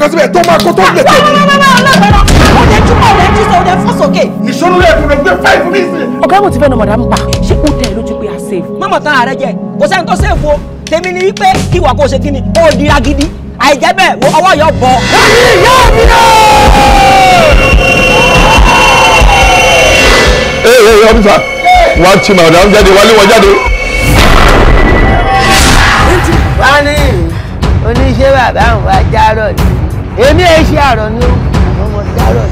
nǹkan síbẹ̀ tó máa kó tó lè tẹ̀ mí. o de túmọ̀ rẹ̀ jí sọ o de fọ́ sókè. ìṣòro rẹ̀ kò lè gbé five minutes. ọ̀gá mo ti fẹ́ nọmọ̀dá ń bà ṣé ó dẹ̀ lójú pé a save. mọ̀mọ̀ tán ààrẹ jẹ kò sẹ́ni tó save o tèmi ni wípé kí wà kó ṣe kí ni ó di agidi àìjẹ́ bẹ́ẹ̀ wo ọwọ́ yóò bọ̀. ẹ̀yin yóò mi náà. ee ee ọfisa wàá ti màdàm jáde wálé wọn jáde. wá ní oníṣẹ́ bàbá àwọn ajá rọ̀ ni èmi ẹ ṣe àrọ̀ ni ó ọmọ dárọ̀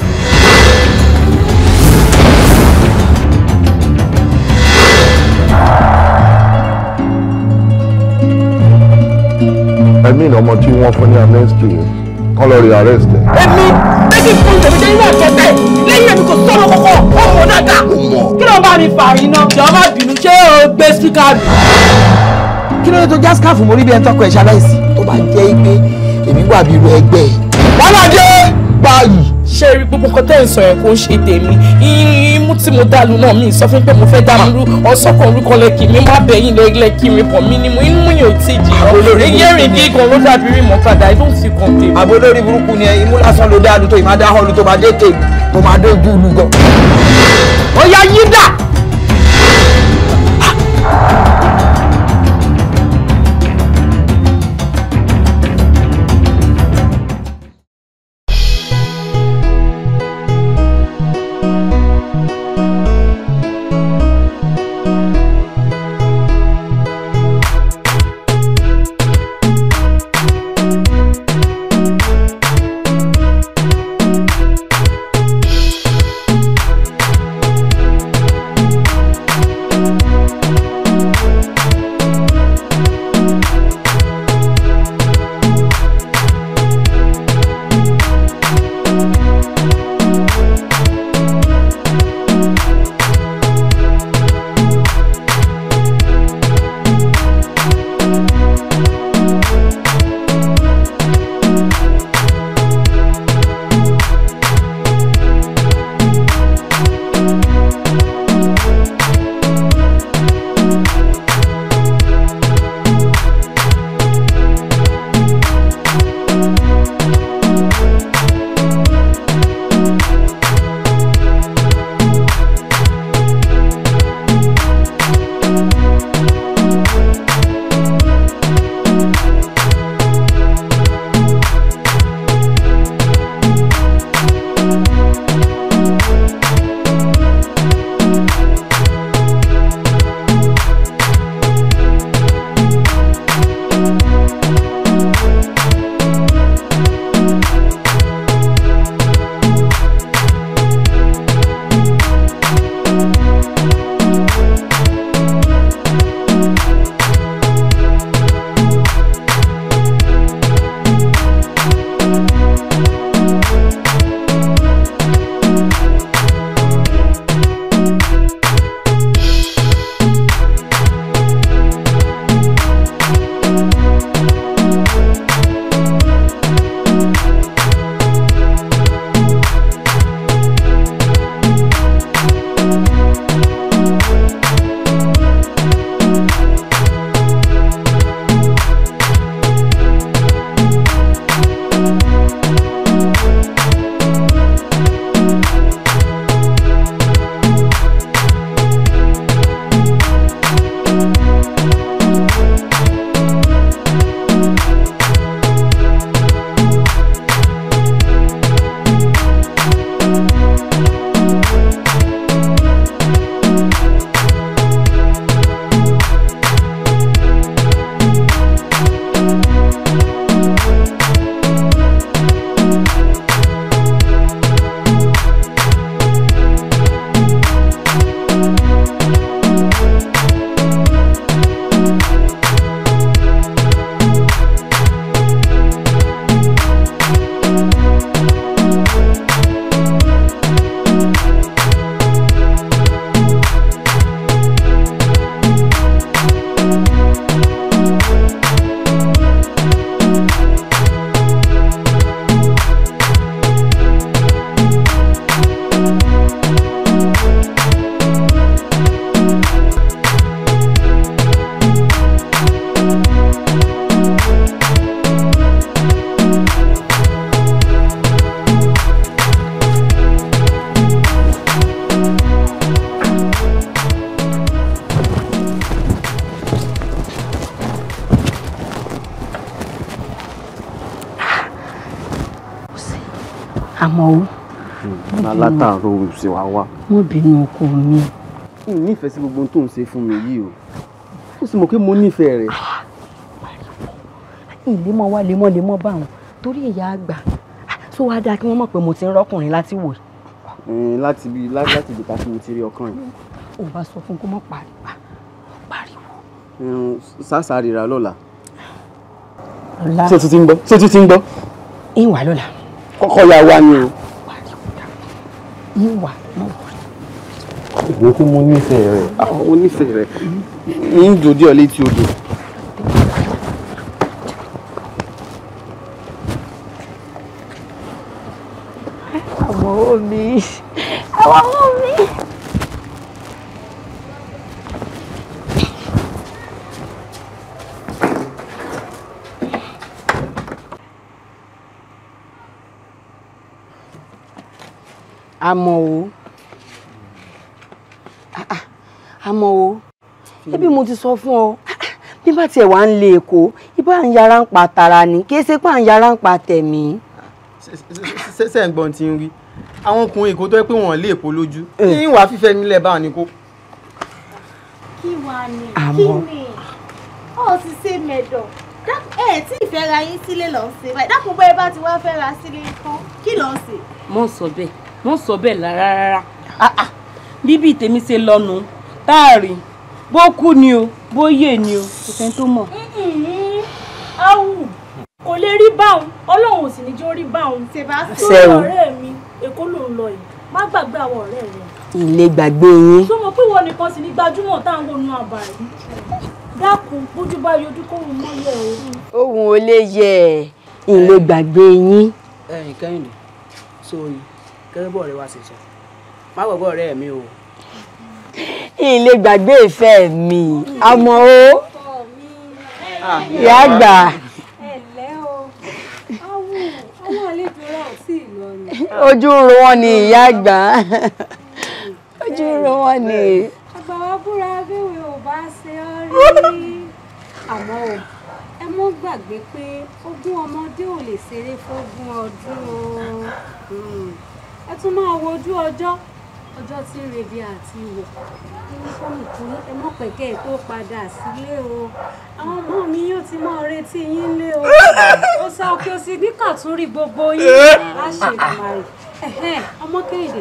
ni. ẹ̀mí ọmọ tí wọ́n fún ní amnesty kọ́ lọ rí arrest ẹ̀. èmi méjì fún tèmi jẹ́ inú àtẹ̀tẹ̀ lẹ́yìn èmi kò sọ̀rọ̀ kọ́kọ́ ọmọ náà dà. kí ló bá mi fà yín náà jọ̀ọ́ má bínú ṣé o gbé síkà mi. kí ló dé tó já skáfù mórí bí ẹni tọ́kọ ẹ̀ ṣaláìsí tó bá jẹ́ pé èmi wà bí irú ẹgbẹ́ yìí bọ́ládé báyìí. ṣé rí gbogbo nǹkan tẹ́ ẹ̀ ń sọ yẹn kó ṣe tèmi imú tí mo dàlú náà mi sọ fún pé mo fẹ́ dàmú rú ọ̀sán kan orúkọ lẹ́kì mi má bẹ̀ yín lẹ́kì mi pọ̀ mí ni mo inú mi ò tí jì lọ eyín ẹ̀rìn gígan ló dàbí rí mọ́kadà inú fi kàn tèmi. àbò burúkú ni imú lásán ló dàlú tó ìmá dá họ́ọ̀lù tó máa dé tèmi tó máa dé ojú ìlú gan. ó yín dà. sì wá wá. mo bínú ọkọ mi. n nífẹ̀ẹ́ sí gbogbo ohun tó ń ṣe fún mi yìí o ó sì mọ̀ pé mo nífẹ̀ẹ́ rẹ̀. ìlémọ̀ ah, wá lémọ̀ lémọ̀ bá wọn torí ìyá àgbà tó wáá dáa kí wọ́n mọ̀ pé mo ti ń rọ́kùnrin láti wò. láti bí láti bí tàbí mo ti rí ọkàn yìí. ò bá sọ fún kó mọ̀ pariwo pariwo. sàṣà rira lọ́la. ṣé tuntun ń gbọ́ ṣé tuntun ń gbọ́. ìwà lọ́la. kọ́kọ́ ya wa ni o mo wà mo wà. ìwé tí mo nífẹ̀ẹ́ rẹ̀ àwọn ah, onífẹ̀ẹ́ rẹ̀ ń dòdì ọ̀ létí odò. àmọ́ omi àwọn àmọ́ o ah, ah, àmọ́ o ẹbí mo ti sọ fún ọ ah, bí bá tiẹ̀ wá ń lé èkó ibà ń yára ń pa tara ni kí ẹsẹ̀ pà ń yára ń pa tẹ̀mí. sẹ́sẹ̀ ń gbọ́n ti ń rí àwọn ọkùnrin èkó tó yẹ pé wọ́n lé èkó lójú eh. kí n wàá fífẹ́ nílẹ̀ báwọn ni kó. kí wàá ní kí ni ó sì ṣe mẹ́dọ̀ ẹ tí ìfẹ́ ra yín sílé lọ́ọ́ ṣe báyìí dákùn bẹ́ẹ̀ bá ti wá fẹ́ ra sílé kan kí lọ́ọ́ ṣe. mo sọ bẹ́ẹ̀ mo sọ bẹ́ẹ̀ lára rárá bíbí ah, ah, tèmi ṣe lọ́nu táàrí bó kú ni o bó yè ni o kò sẹ́ni tó mọ̀. awù kò lè rí báwọn ọlọ́run ò sì ní jẹ́ ó rí báwọn sẹ́wọ̀n ọ̀rẹ́ mi èkó ló ń lọ yìí má gbàgbé àwọn ọ̀rẹ́ rẹ. ilé gbàgbé yín. tó mọ̀ pé ìwọ nìkan sì ni gbajúmọ̀ tá à ń wọnú àbá yìí dákun bójú bá yọjú kóhun mọ́ yẹ o. ohun ò lè yẹ ilé gbàgbé yín. ẹyin kẹ́hìndé sórí. So, gẹ́gẹ́ bọ̀ wa ṣe sọ má gbàgbọ́ ọ̀rẹ́ mi o. ilé gbàgbé ìfẹ́ mi àmọ́ o ah, ìyá àgbà. ojú ń ro wọn ni ìyá àgbà ojú ń ro wọn ni. àgbà wa búra bẹ́ẹ̀ ò bá ṣe ọ́ rí àmọ́ o ẹ mọ́ gbàgbé pé ogún ọmọdé ò lè ṣeré fógún ọdún o. Hmm ẹ tún máa wojú ọjọ́ ọjọ́ tí ń rebi àti ìwọ̀ yúnífọ́ọ̀mù kan ẹ mọ̀ pẹ̀kẹ́ ẹ tó padà sílé o àwọn ọmọ mi yóò ti máa retí yín lé o ó sá òkè òsì níkà tún rí gbogbo yín láṣẹ̀dùmarè ọmọ kéde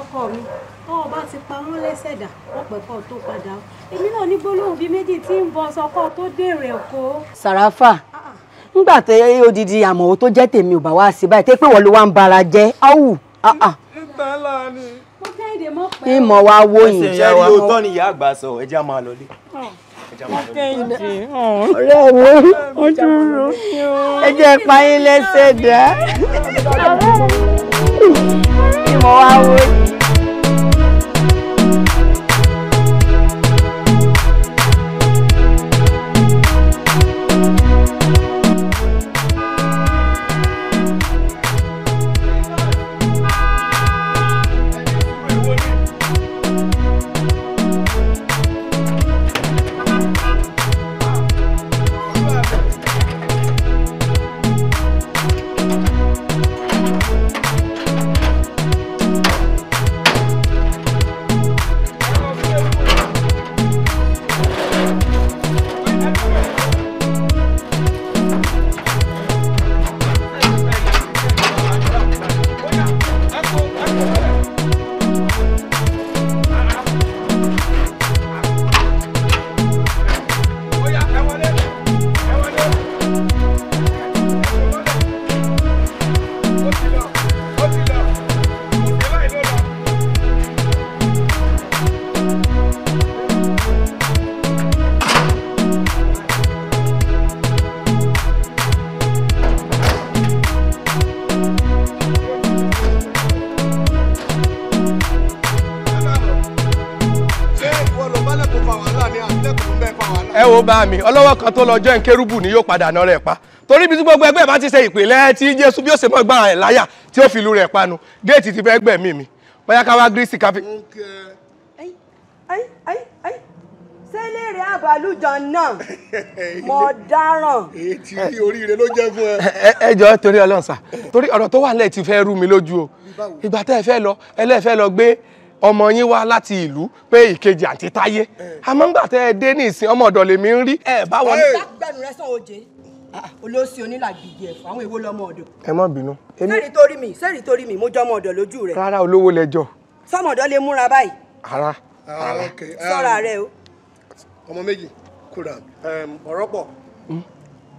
ọkọ mi tọ́wọ́ bá ti pa wọ́n lẹ́sẹ̀ dà wọ́n pẹ̀kọ́ tó padà o èmi náà ní gbólóhùn bíi méjì tí ń bọ sọkọ tó dèrè ẹ̀kọ́. sàràfà ah, ah. nígbà tó odidi àmọ̀wò tó jẹ́ tèmi ò bá wá sí báyìí tẹ́ pé wọ́n ló wá ń bara jẹ́ áwù. Ah ah. ìmọ̀ wa wo yìí. ẹsẹ̀ ìyá òótọ́ ni ìyá àgbà sọ ẹja máa lọlé. ọ̀rẹ́ wo ojú ro ẹ jẹ́ payín lẹ́sẹ̀ dá. ìmọ̀ wa wo yìí. ọjọ́ kan tó lọ́jọ́ ìkérúbù ni yóò padà náà rẹ̀ pa torí ibi tí gbogbo ẹgbẹ́ bá ti ṣe ìpìlẹ̀ tí Jésù bí ó ṣe mọ́ gbára ẹ̀ láyà tí ó fi lu rẹ̀ panu géètì ti fẹ́ gbẹ̀mí mi bóyá ká wá gírísì káfí. sẹ́lẹ̀ rẹ̀ àbálùjọ náà mo dáràn. ètí oríire ló jẹ́ fún ẹ. ẹ jọ torí Ọlọ́run torí ọ̀rọ̀ tó wà lẹ́ẹ̀ ti fẹ́ rú mi lójú o ìgbà tẹ́ ẹ fẹ́ lọ ẹlẹ́ẹ̀ fẹ́ lọ gbé ọmọ yín wá láti ìlú pé ìkejì àti táyé eh. àmọ́ ńgbà tẹ́ ẹ dé ní ìsìn ọmọ ọ̀dọ̀ lèmi ń rí eh, eh. ah, ah, ẹ bá wọn. dágbẹ́nu rẹ lójú rẹ̀. rárá olówó lẹjọ. sọmọ lè múra báyìí. ara ah, ara sọra um, rẹ o. ọmọ méjì um, ọ̀rọ̀pọ̀ hmm?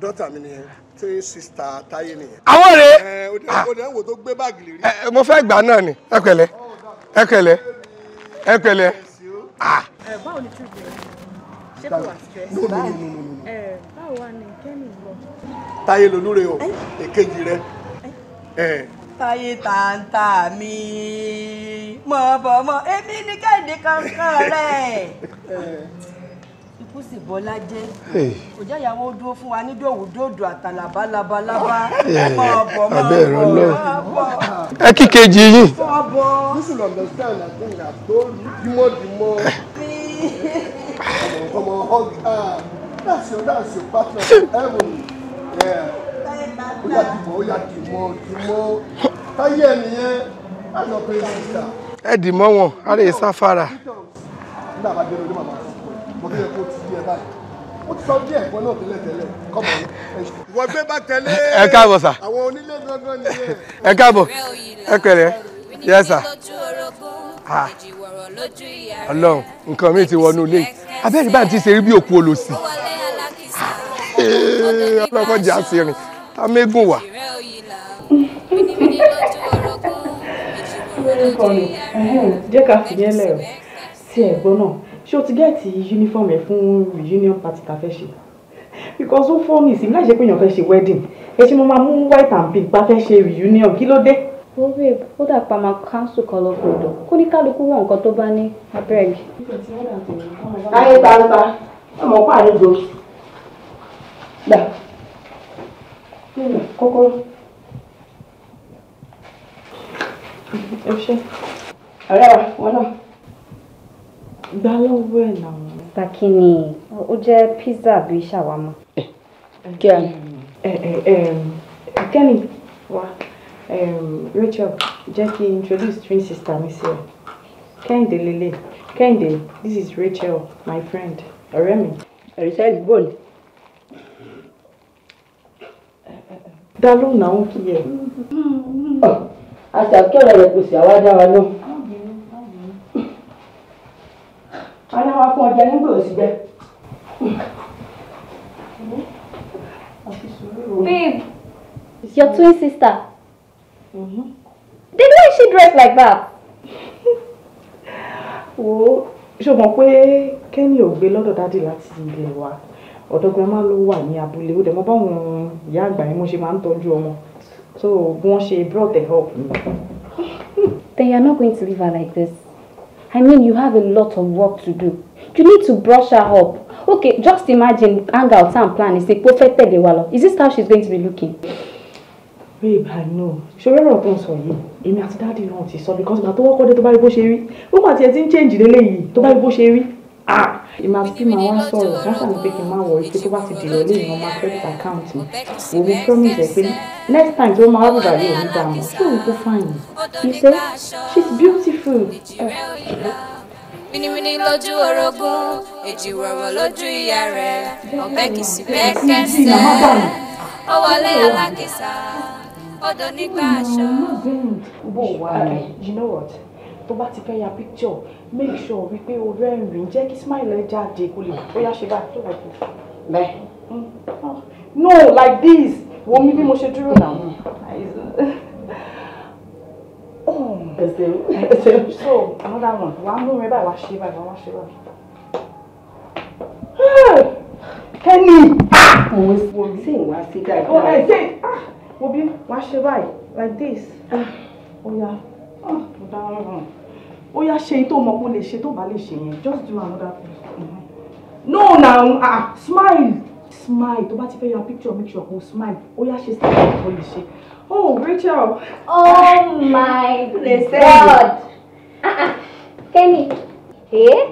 dọ́tà mi nìyẹn tí sista táyé nìyẹn. àwọn rèé. dẹ́ tó gbé báàgì lè rí. mo fẹ́ gbà náà ni ẹ ẹ pẹ̀lẹ́ ẹ pẹ̀lẹ́ ah. báwo ni tí o jẹ ṣé kò wá stress. báwo wà ní kẹ́mi lọ. táyé lolúre o èkejì rẹ. táyé tàǹtà mi mọ̀ bọ̀ mọ̀ èmi ni kẹ́hìndé kankan rẹ̀. Kúsì Bọ́lá jẹ́. Òjá ìyàwó dúró fún wa ní dòwú dòdò àtàlàbá labalábá. Ọmọ ọ̀bọ̀ máa ń bọ̀ lọ́wọ́. Ẹ kí kejì yìí. Fọ́bọ̀. Kúsì lọ̀dọ̀ sí àlàkùnrin àtó dímọ̀dímọ̀. Ọmọ ọ̀gá. That's your that's your partner. Heaven. Yeah. Ó yà dìmọ̀ ó yà dìmọ̀ dìmọ̀. Táyé ẹ̀ nìyẹn. Á lọ pé sísà. Ẹ dìmọ̀ wọn, a lè sá fara. Nígbà bá dé lórí màmá mo tó yẹ kó ti díẹ̀ báyìí ó ti sọ díẹ̀ ẹ̀gbọ́n náà tẹ́lẹ̀ tẹ́lẹ̀ kọ́mọ ìwọ gbé bá tẹ́lẹ̀ ẹ káàbọ̀ sà àwọn onílé gangan ni ẹ káàbọ̀ ẹ pẹ̀lẹ́ yẹ sà Ọlọ́run nǹkan mi ti wọnú ilé abẹ́rẹ́ bá ti ṣe rí bí òkú olòṣì ọlọ́kọ̀ jà sí rìn tá mẹ́gùn wà. jẹ́ ká fìdí ẹlẹ́rọ sí ẹ̀gbọ́n náà ṣé o ti gẹ́ẹ̀tì uniform ẹ̀ fún reunion party ta fẹ́ ṣe because ó fọ́ mi sí láì ṣe pé èèyàn fẹ́ ṣe wedding ẹ ṣe mo máa mú white and pink bá fẹ́ ṣe reunion kí ló dé. ó rè ó dà pa máa cancel kan lọ fòdò kó ní kálukú wọn nǹkan tó bá ní abeg. ayé gbangba ọmọ pàdé gbòó gbà kókóró. ẹ ṣe ọ̀rẹ́ wa wọn náà. Gba lọ́wọ́ ẹ̀ náà. Takini, ó jẹ́ pizza bí ṣàwámà. Eh, kí a. Eh, eh, Kẹ́ni wa Rachel jẹ́ kí introduce twin sister mi sí ẹ. Kẹ́hìndé lélẹ̀. Kẹ́hìndé, this is Rachel, my friend, ọ̀rẹ́ mi. Rachel Bone. Dá lóhùn àwọn kí ẹ. Àṣà kí ọ̀rẹ́ rẹ̀ kò sí àwájá wa náà. wọn náà fún ọjà nígbà òsì jẹ. babe it's your twin sister mm-hmm. then why she dress like that. wo ṣo mọ̀ pé kẹ́mi ò gbé lọ́dọ̀ dáàdì láti ilé wa ọ̀dọ̀ grandma ló wà ní abúlé ó dẹ̀ mọ́ báwọn ìyá àgbà yẹn mo ṣe máa ń tọ́jú ọmọ so bí wọ́n ṣe brought her up. then you are not going to leave her like this. I mean, you have a lot of work to do. You need to brush her up. Okay, just imagine hang out and plan is the perfect tẹ̀lé Is this how she's going to be looking? Babe, I know. Ṣé ọ̀rọ̀ tó for you. yìí? Èmi àti dáàdì náà ti sọ because ìgbà tó wọ́kọ́ dé tó bá rí bó ṣe rí. Ó mà tiẹ̀ ti change lélẹ́yìí tó bá rí bó ṣe Ah! ìmọ̀ àti màá wá sọ̀rọ̀ wọ́n sàmì pé kí n máa wọ̀ ẹ́ pé tó bá ti dìrọ̀ lé ìran máa fẹ́ẹ̀tì àkáǹtì mi òun promise ẹ next time don't máa wá bùbá yóò ní dààmú tó ń kó fáyìn said she's beautiful. Minimini lójú orogún, èjì wọ̀rọ̀ lójú ìyá rẹ̀, ọ̀bẹ kìí sí bẹ́ẹ̀ wọlé alákìsà, ó nígbà aṣọ. You know what? tó bá ti fẹ́ ya picture make sure wípé o rẹ́rìn-ín jẹ́ kí smile ẹ jáde kó lè bóyá ṣe báyìí tó wà tó. bẹ́ẹ̀. Mm. Ah. no like this wo mi bí mo ṣe dúró náà. Mm. Oh. ẹsẹ̀ ẹsẹ̀ so another one wàá mú mi báyìí wàá ṣe báyìí wàá ṣe báyìí. kẹ́ni. mo ń wo sí sí dáadáa. ọ̀ ẹ̀ ṣe wo bí wàá ṣe báyìí like this. Ah. ó yá ah, ọ̀ ó yá ṣe tó mọ̀ kó lè ṣe tó bá lè ṣe yẹn just do another thing. no na ah smile smile tó bá ti fẹ́ ya picture make sure kó smile ó yá ṣe step kó lè ṣe. oh Rachel. oh my god. Kenny eh?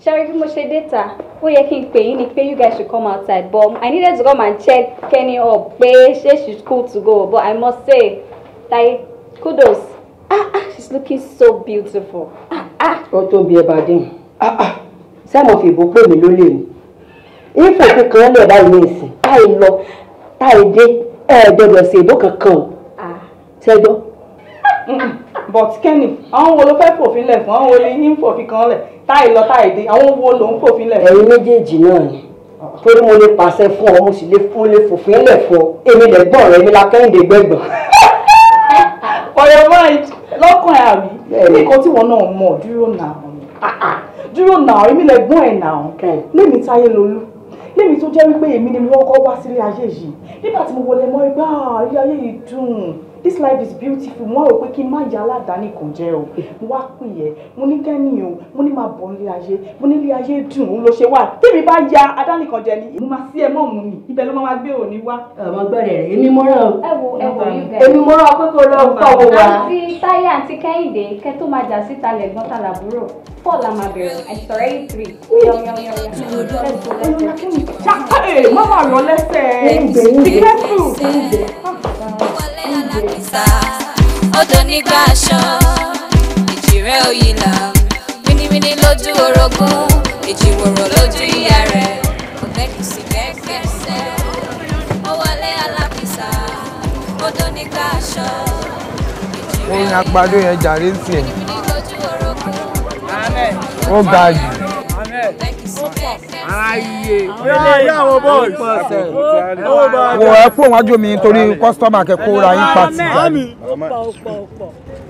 ṣe rí bí mo ṣe dé ta ó yẹ kí n pè yín ni pé you guys should come outside but I needed to come and check Kenny up pé ṣé she's cool to go but I must say like kudos ah ah she's looking so beautiful ah ah. ó tó bí ẹ̀bà dín ah ah sẹ́mo fìbò pè mí lólè mi ìfẹ́ kankan lẹ̀ báyìí ní ìsìn táì lọ táì dé ẹ̀ẹ́dẹ̀dọ̀ sí ìbò kankan ah. ṣẹ́jọ́. but kenny àwọn wo ló fẹ́ fòfin lẹ̀ fún àwọn wo ni yín fòfin kan lẹ̀ I lọ táì dé àwọn wo ló ń fòfin lẹ̀. ẹ̀yin méjèèjì náà ni ah. torí mo lè pàṣẹ fún ọ mo sì lè fún lè fòfin lẹ̀ fún ọ èmi lẹ́gbọ́n rẹ mi la kẹ́hìndé gbẹ̀gbọ̀n. ọ̀yọ̀ báyìí lọ́kàn ẹ̀ àbí ní nǹkan tí wọn náà mọ̀ dúró nà án ah, ah. dúró nà án èmi lẹ́gbọ́n ẹ̀ nà án lémi táyé lolú lémi tó jẹ́ wípé èmi ni mo kọ́kọ́ wá sílé ayé yìí nígbà tí mo wọlé mọ́ ẹgbẹ́ àárí ayé yìí dùn this life is beautiful mo wá rò pé kí n má ya aládàáni kan jẹ o mo wá pè yẹ mo ní kẹ́ni o mo ní máa bọ̀ nílé ayé mo ní ilé ayé dùn òun ló ṣe wà tèmi bá ya adáni kan jẹ ni mo máa sí ẹ mọ́ òun ni ibẹ̀ ló máa gbé òní wá. ọmọ gbọ́dọ̀ rẹ̀ èmi mo rán èmi mo rán ọpẹ́ kó lọ kọ́ owó wa. àti táyà àti kẹ́hìndé kẹ́ tó máa jà síta lẹ́gbọ́n tàlàbúrò four la máa bẹ̀rẹ̀ i already three. yọ̀yọ̀yọ̀ mama lọ lẹ́sẹ̀. be careful àkìsà odò nígbà aṣọ ìjìrẹ́ òyìnlá mímímí lójú orogún ìjìwòrò lójú ìyá rẹ̀ ọ̀gbẹ́ni sì gbẹ́gbẹ́sẹ̀ ó wọlé alákìsà odò nígbà aṣọ ìjìrẹ́ òyìnlá mímímí ó ga jù percent. ayé yàwó bọ́ọ̀lù wò ẹ fún òun ajo mi nítorí kọ́sítọ́mà kẹ́kọ́ ra yín pàtì.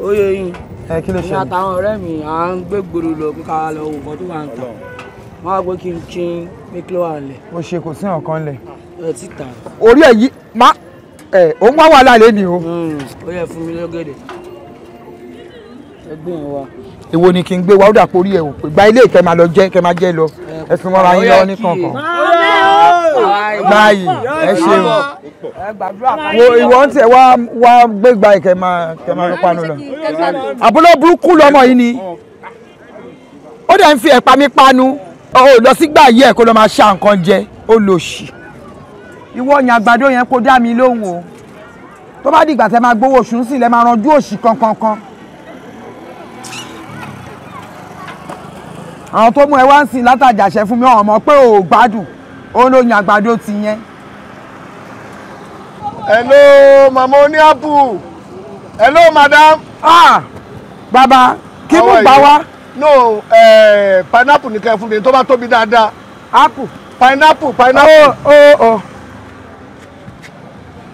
oyè yín ẹ kí ló ṣe. àtàwọn ọ̀rẹ́ mi à ń gbé gbòòrò lọ kí ká lọ wò kọ́ tó wà ń tà wọ́n á gbé kí n kí n pé kí ló wà lẹ̀. o ṣe kò sí ọ̀kan lẹ̀. orí ẹ yí má ẹ òun wá wà lálẹ́ ni o. ó hmm, yẹ fún mi lọ́gẹ̀dẹ̀ ẹgbẹ́ wa èwo ni kí n gbé wa ó dà porí ẹ ò pé gba ilé ìkẹ́ máa lọ jẹ́ kẹ́ máa jẹ́ lọ ẹ fi mọ́ra yín lọ́wọ́ ní kankan. báyìí ẹ ṣeun wo ìwọ ń tẹ wá wá gbégbá ìkẹ́ máa kẹ́ máa lọ panu lọ. àbúrò burúkú lọmọ yìí ni ó dẹ̀ ń fi ẹ̀pà mi panu ó lọ sígbà yìí ẹ̀ kó lọ máa ṣa nǹkan jẹ ó lò ṣì. ìwọ ni àgbàdo yẹn kó dá mi lóhùn o tó bá dìgbà tẹ máa gbowó oṣù ń sìn lẹ máa ranjú òṣì kankan kan. kan, kan. àwọn tó mú ẹ wá ń sìn látàjàṣẹ fún mi ọ̀hún mọ̀ pé ò gbádùn òun ló yan àgbàdo ti yẹn. hello mama oníàpù hello madam. ah Baba. kí mú gbà wá. no eh, pineapple nìkan fún mi tó bá tóbi dáadáa. apple. pineapple pineapple. oh oh oh.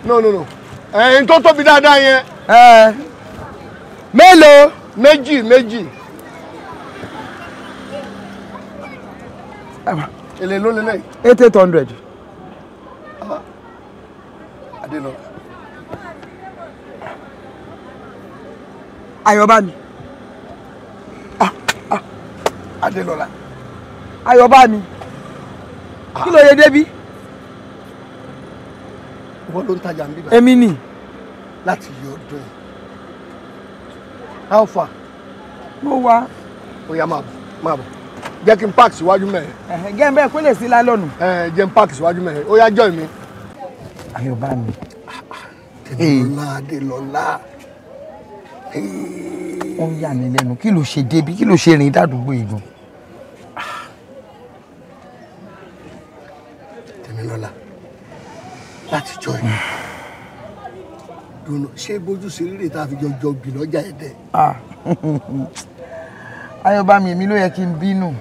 no no no ẹ̀yin tó tóbi dáadáa yẹn. mélòó. méjì méjì. èlé ló lélẹ̀. eight eight hundred. adélọ. ayọ̀bámi. adélọlá. ayọ̀bámi kí ló yẹ débi. wọ́n ló ń tajà ń bíbá. èmi ni. láti yọ ọdún yìí. how far. mo wá. ó yá máa bọ̀ máa jẹ́ kí n park síwájú mẹ́rin. jẹ́ n kó lè sí lálọ́nù. jẹ́ park síwájú mẹ́rin ó yá jọ́ mi. ayọ̀bá mi. tẹ̀lọ́lá adélọ́lá. ó ń yà mí lẹ́nu kí ló ṣe débi kí ló ṣe rìn dádùúgbò ìlú. tẹ̀mílọ́lá láti jọ ẹ̀ dùnú ṣé bójú sí rírè tá a fi jọ jọ bì lọ́jà ẹ̀dẹ̀. ayọ̀bá ah. mi èmi ló yẹ kí n bínú. No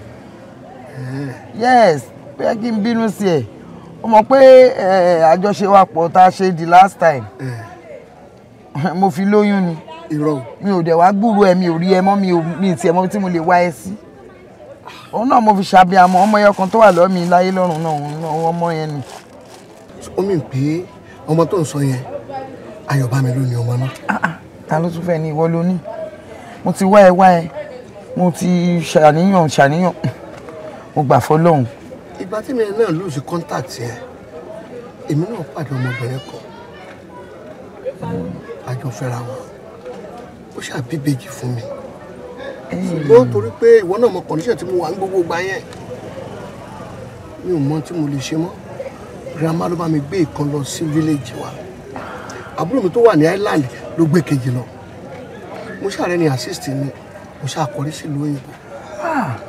yes bóyá kí n bínú sí ẹ o mọ̀ pé àjọṣe wa pọ̀ tá a ṣe the last time mo fi lóyún ni irọ́ mi ò dẹ̀ wá gbúrú ẹ mi ò rí ẹ mọ́ mi ò mi tiẹ̀ mọ́ tí mo lè wá ẹ sí òun náà mo fi ṣàbí àmọ́ ọmọ ẹyọ kan tó wà lọ́mí láyé lọ́rùn náà òun ọmọ yẹn ni. ó mì pé ọmọ tó ń sọ yẹn ayọ̀bámi ló ní ọmọ náà. Ah, ah, ta ló tún fẹ́ ni ìwọ ló ní mo ti wá ẹ wá ẹ mo ti ṣàníyàn ṣàníyàn mo gbà fọlọ́hún. ìgbà tí mi náà lose contact yẹn èmi náà pàdé ọmọbìnrin kan àjọfẹ́ra wọn ó ṣàbíbejì fún mi ṣùgbọ́n torí pé ìwọ náà mọ condition tí mo wà ní gbogbo gbà yẹn mi ò mọ tí mo lè ṣe mọ́ grandma ló bá mi gbé ìkan lọ sí village wa àbúrò mi tó wà ní island ló gbé kejì lọ mo ṣàrẹ́ ni assist mi mo ṣàkọrí sílùú òyìnbó. Ah!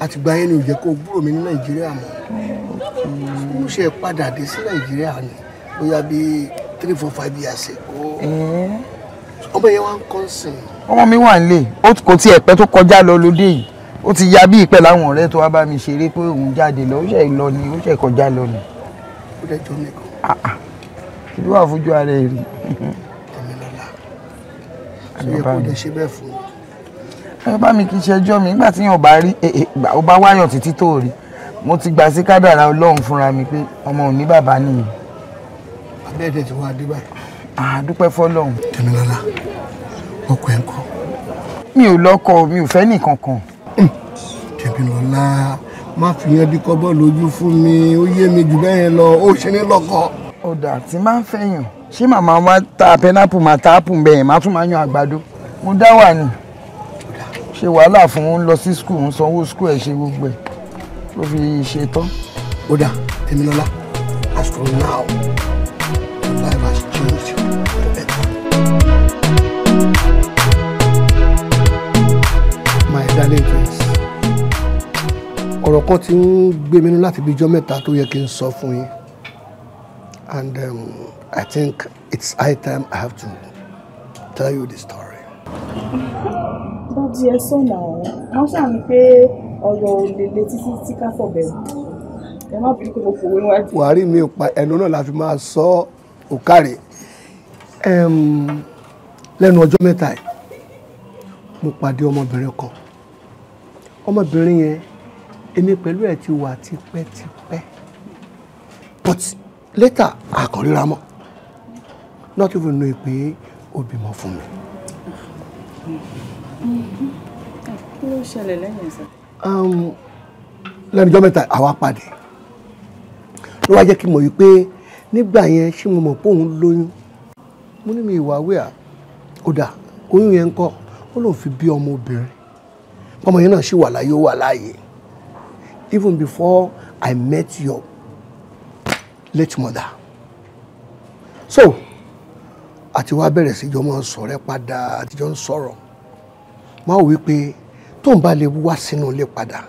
àtìgbà yẹn ni ò jẹ́ kó gbúrò mi ní nàìjíríà mọ́ mo ṣe padà dé sí nàìjíríà ni bóyá bíi three four five years ago ọmọ yẹn wá ń kọ́ sìn. ọmọ mi wà nílé kò tiẹ̀ pẹ́ tó kọjá lọ lóde yìí ó ti ya bí ìpẹ́ láwọn ọ̀rẹ́ tó wá bá mi ṣeré pé òun jáde lọ ó ṣe lọ ni ó ṣe kọjá lọ ni. ó dẹ jọ mi kan. Ah, ah. kí ló wà fojú ara ẹ rí. ẹ̀mí lọ́la ṣé kò dẹ̀ ṣe bẹ́ẹ̀ fún ẹ bá mi kì í ṣẹjọ́ mi nígbà tí yàn bá rí eh, eh, ìgbà ó bá wáyàn títí tó rí mo ti gbà sí kádàrá ọlọ́run fúnra mi pé ọmọ òní bàbá nìyí. abẹ́ẹ̀dẹ̀ ti wá dé báyìí. àdúpẹ́ fọlọ́run. tẹ̀mílọ́lá ọkọ ẹ̀ ń kọ́. mi ò lọ́kọ mi ò fẹ́ nìkan kan. Hmm. tẹ̀mílọ́lá má fi yan bí kọ́bọ́ lójú fún mi ó yé mi jù bẹ́ẹ̀ lọ ó ṣe ní lọ́kọ. ọ̀dà tí máa ń fẹ́yàn ṣé màmá wa ta pẹ́nápù máa ta ápù bẹ́ẹ̀ má tún máa yan àgbàdo mo dá wà ni ṣe wàhálà fún un lọ sí skul ń sanwó skul ẹ̀ ṣe gbogbo ẹ̀ ló fi ṣe tán. ó dà èmi lọ́la as from now my darling friends ọ̀rọ̀ kan ti ń gbé mi nú láti bíjọ́ mẹ́ta tó yẹ kí n sọ fún yín and um, I think it's high time I have to tell you the story ó di ẹ sọ̀nà ọ̀hún wọ́n ṣàní pé ọ̀rọ̀ òlèlè títí tí ká fọ̀ bẹ̀rù ẹ má bínú pé mo fòwé wájú. buhari mi ò pa ẹnu náà la fi máa sọ òkàrè lẹ́nu ọjọ́ mẹ́ta yìí mo pàdé ọmọbìnrin kan ọmọbìnrin yẹn èmi pẹ̀lú ẹ̀ ti wà tipẹ́tipẹ́ but later àkànríra mọ́ not even know pé ó bímọ fún mi kí ló ṣẹlẹ̀ lẹ́yìn ẹ̀sẹ̀. Um, lẹ́nu ọjọ́ mẹ́ta àwa pàdé ló wá jẹ́ kí n mọ̀ wípé nígbà yẹn ṣé mo mọ̀ pé òun lóyún mo ní mi ìwà wíà kódà oyún yẹn ń kọ́ ó lóun fi bí ọmọ obìnrin ọmọ yẹn náà ṣì wà láyé ó wà láàyè even before I met your late mother so àti wá bẹ̀rẹ̀ sí jọ máa ń sọ̀rẹ́ padà àtijọ́ ń sọ̀rọ̀ má wò wípé tó ń bá lè wá sínú ilé padà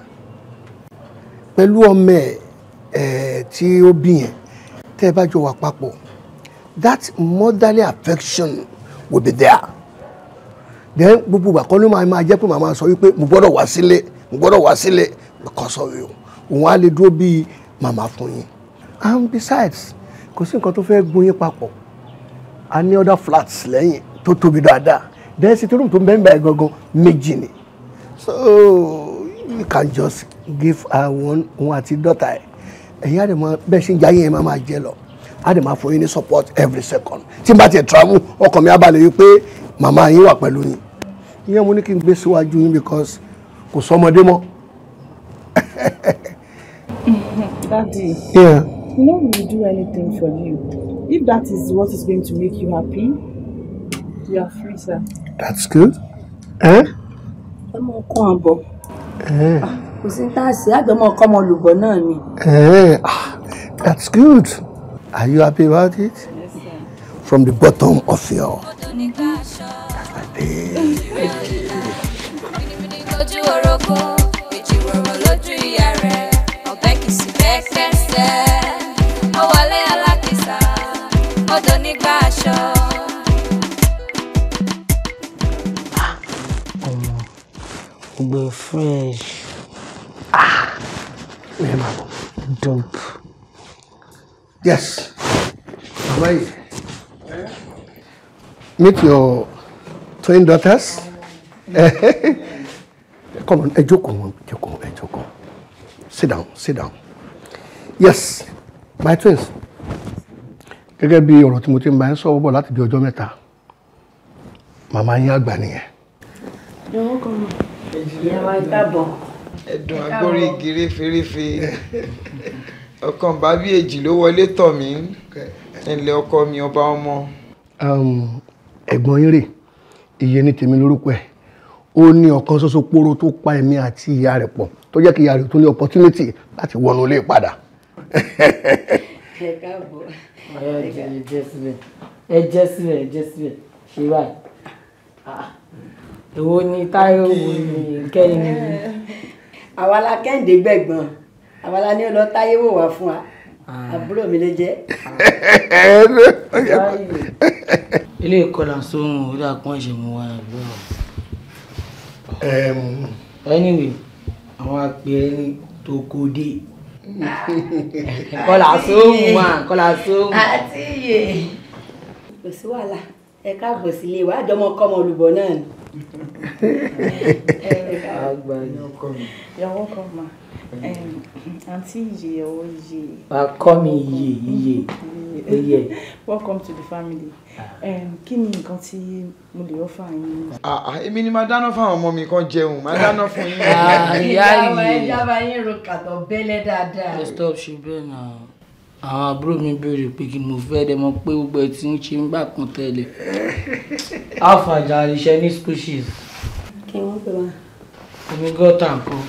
pẹ̀lú ọmọ ẹ̀ tí ó bí yẹn tẹ́ ẹ bá jọ wà papọ̀ that motherly affection will be there then gbogbo ìgbà kan ló máa máa jẹ́ pé màmá sọ wípé mo gbọ́dọ̀ wá sílé mo gbọ́dọ̀ wá sílé kọ́ sọ yìí o òun á lè dúró bíi màmá fún yín and besides kò sí nǹkan tó fẹ́ gún yín papọ̀ a ní other flats lẹ́yìn tó tóbi dáadáa density room tó ń bẹ́ẹ̀ bẹ́ẹ̀ gangan méjì ni so you can just give her one one àti dọ́tà ẹ̀ ẹ̀yin àdèmọ bẹ́ẹ̀ ṣe ń jayé yẹn máa máa jẹ lọ àdèmọ fún yín ní support every second tí n bá tiẹ̀ travel ọkàn mi á balẹ̀ wípé màmá yín wà pẹ̀lú yín ìyẹn mo ní kí n gbé síwájú yín because kò sọmọdé mọ́. Daddy, yeah. you know we do anything for you if that is what is going to make you happy into your freezer. That's good. Eh? I'm mọ kún àbọ̀. Eh. Ah, kò sí tá a ṣe àgbẹ̀mọ̀ ọkọ ọmọ olùbọ̀ náà eh, ah, That's good. Are you happy about it? Yes, sir. From the bottom of your. That's my baby. Gbẹ fresh. Ah! Ẹ máa bọ̀. Dump. Yes. Bàbá yìí. Meet your twin daughters. Eh, come on, ẹ jókòó wọn, jókòó, ẹ jókòó. Sit down, sit down. Yes, my twins. Gẹ́gẹ́ bí ọ̀rọ̀ tí mo ti ń bá ń sọ bọ̀ láti bí ọjọ́ mẹ́ta. Màmá yín àgbà nìyẹn. You're welcome ìyàwó ìtàbọ̀. ẹ̀dùn agbórí igi réferéfe ọkàn bábí èjì ló wọlé tọ̀ mí nílẹ̀ ọkọ mi ọba ọmọ. Um, ẹ̀gbọ́n yín rè iye ní tèmi lórúkọ ẹ̀ ó ní ọ̀kan ṣoṣo poro tó pa ẹ̀mí àti ìyá rẹ̀ pọ̀ tó jẹ́ kí ìyá rẹ̀ tún ní opportunity láti wọnú ilé padà. ẹ káàbọ̀ ẹ jẹ́ síbẹ̀ ẹ jẹ́ síbẹ̀ ẹ jẹ́ síbẹ̀ ṣe báyìí. Ah, èwo ni táyọ̀ wo ni kẹ́yìn ni. àwa la kẹ́hìndé gbẹ̀gbọ́n àwa ni ní ọlọ́ táyé wò wá fún wa ah. àbúrò mi ló jẹ́. ilé ìkọlà sóhun orí àpọ́n ìṣègùn wa ẹ̀gbọ́n. anyway àwọn àpè ẹni tó kó dé kọlà sóhun wa kọlà sóhun. àti iye kò sí wàhálà ẹ káàbọ̀ sílé wa àjọmọkọ́mọ olùbọ̀ náà ni. You're welcome, ma. Auntie Iye, oh Iye. Ah, call me Iye, Iye. Welcome to the family. Um, kí ni nǹkan tí mo lè ọ́fà yín? Ah, ah, èmi ni màá dáná fáwọn ọmọ mi kan jẹun, màá dáná fún yín. Ah, ìyá Iye. Ìyá wa ẹja bá yín ro kàtọ̀ bẹ́lẹ̀ dáadáa. Stop ṣe bẹ́ẹ̀ náà àwọn àbúrò mi béèrè pé kí mo fẹ́ dẹ mọ̀ pé gbogbo ẹ ti ń ṣe ń gbà kan tẹ́lẹ̀ àfàjà iṣẹ́ ní species. kí wọ́n pè wá. èmi gọ́tà nǹkan.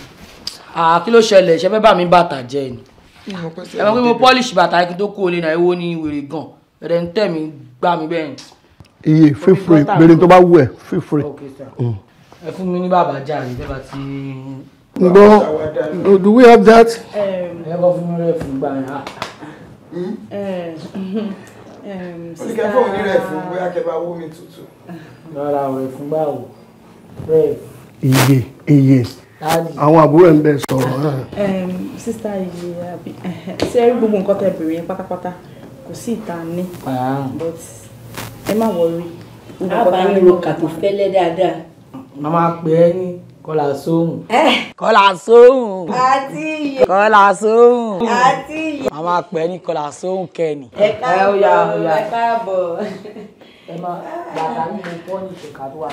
kí ló ṣẹlẹ̀ ṣe fẹ́ bá mi bàtà jẹ́ ni ẹ mọ̀ pé mo polish bàtà kí n tó kó o lè nà ewo ní wèrè gan ẹ̀rẹ̀ ń tẹ̀ mí gbá mi bẹ́ẹ̀. iye fífure gbèrè tó bá wù ẹ́ fífure. Mm. ẹ fún mi ní bàbá jà ní bẹ́ẹ̀ bá ti. gbọ́ do we have that. ẹ kọ́ fún mi rẹ̀ fún gbà yẹn oníkẹ́ eh, fóun eh, ní rẹ̀ fún bóyá kẹba owó mi tútù. rárá rẹ̀ fún báwo rẹ̀. iye iye àwọn àbúrò ẹ̀ ń bẹ sọ̀rọ̀ náà. Eh, sísá iye àbí ṣé ẹ rí gbogbo nǹkan tẹ́ bèrè yẹn pátápátá kò sí ìta ní ah. ẹ má wọrí. a bá ń kàtó fẹ́lẹ́ dáadáa. màmá pè é ní kọ́lá sóhùn. Ati. Eh. sóhùn. àti iye. kọ́lá sóhùn. àti iye. a máa pè é ní kọ́lá sóhùn kẹ́ni. ẹ káàbọ̀ eh, ẹ káàbọ̀. ẹ máa bàtà nínú pọ́ọ̀nì ìṣèkà tó wà.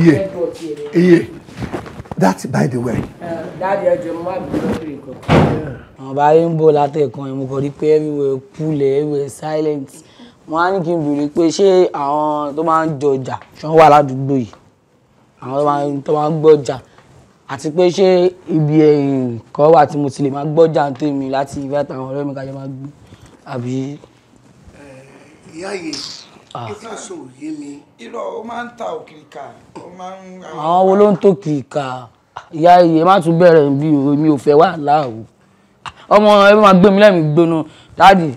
iye iye that by the way. Eh, dáàdi ọjọ́ mo máa bí lórí ìkọ̀. àwọn bá yín ń bò látẹ̀kan ẹ̀ mo rí pé everywhere cool everywhere silent mo á ní kí n bèrè pé ṣé àwọn tó máa ń jọjà ṣan wà ládùúgbò yìí àwọn tó máa ń gbọ́jà àti pé ṣé ibi ẹ̀yìn kan wà tí mo ti lè máa gbọ́jà ń tèmi láti ìfẹ́ àtàwọn ọ̀rẹ́ mi kájọ máa gbé àbí. Eh, ìyá yìí ah. kíkà sọ òye mi. irọ́ ó máa ń ta òkìrìkà ó máa ń. àwọn wo ló ń tó kìrìkà ìyá yìí ẹ má tún bẹ̀rẹ̀ bí o ò fẹ́ wàhálà o ọmọ ẹ máa gbé mi lẹ́mìí gbóná dáàdì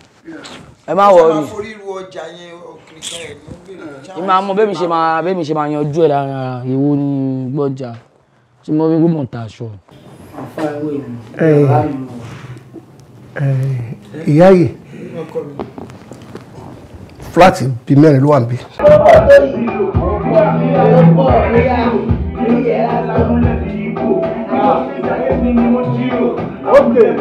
ẹ má wọ ọ mi. ọjà yẹn òkìrìkà ẹ̀ ìmọ̀ àmọ́ bẹ́ẹ̀ mi ṣe máa bẹ́ẹ̀ mi ṣe máa yanjú ẹ̀ lára ìwo ni gbọ́jà tí mo rí gbọ́mọ̀ ta aṣọ. ìyá yìí fúláàtì bíi mẹ́rin ló wà níbí. Okay.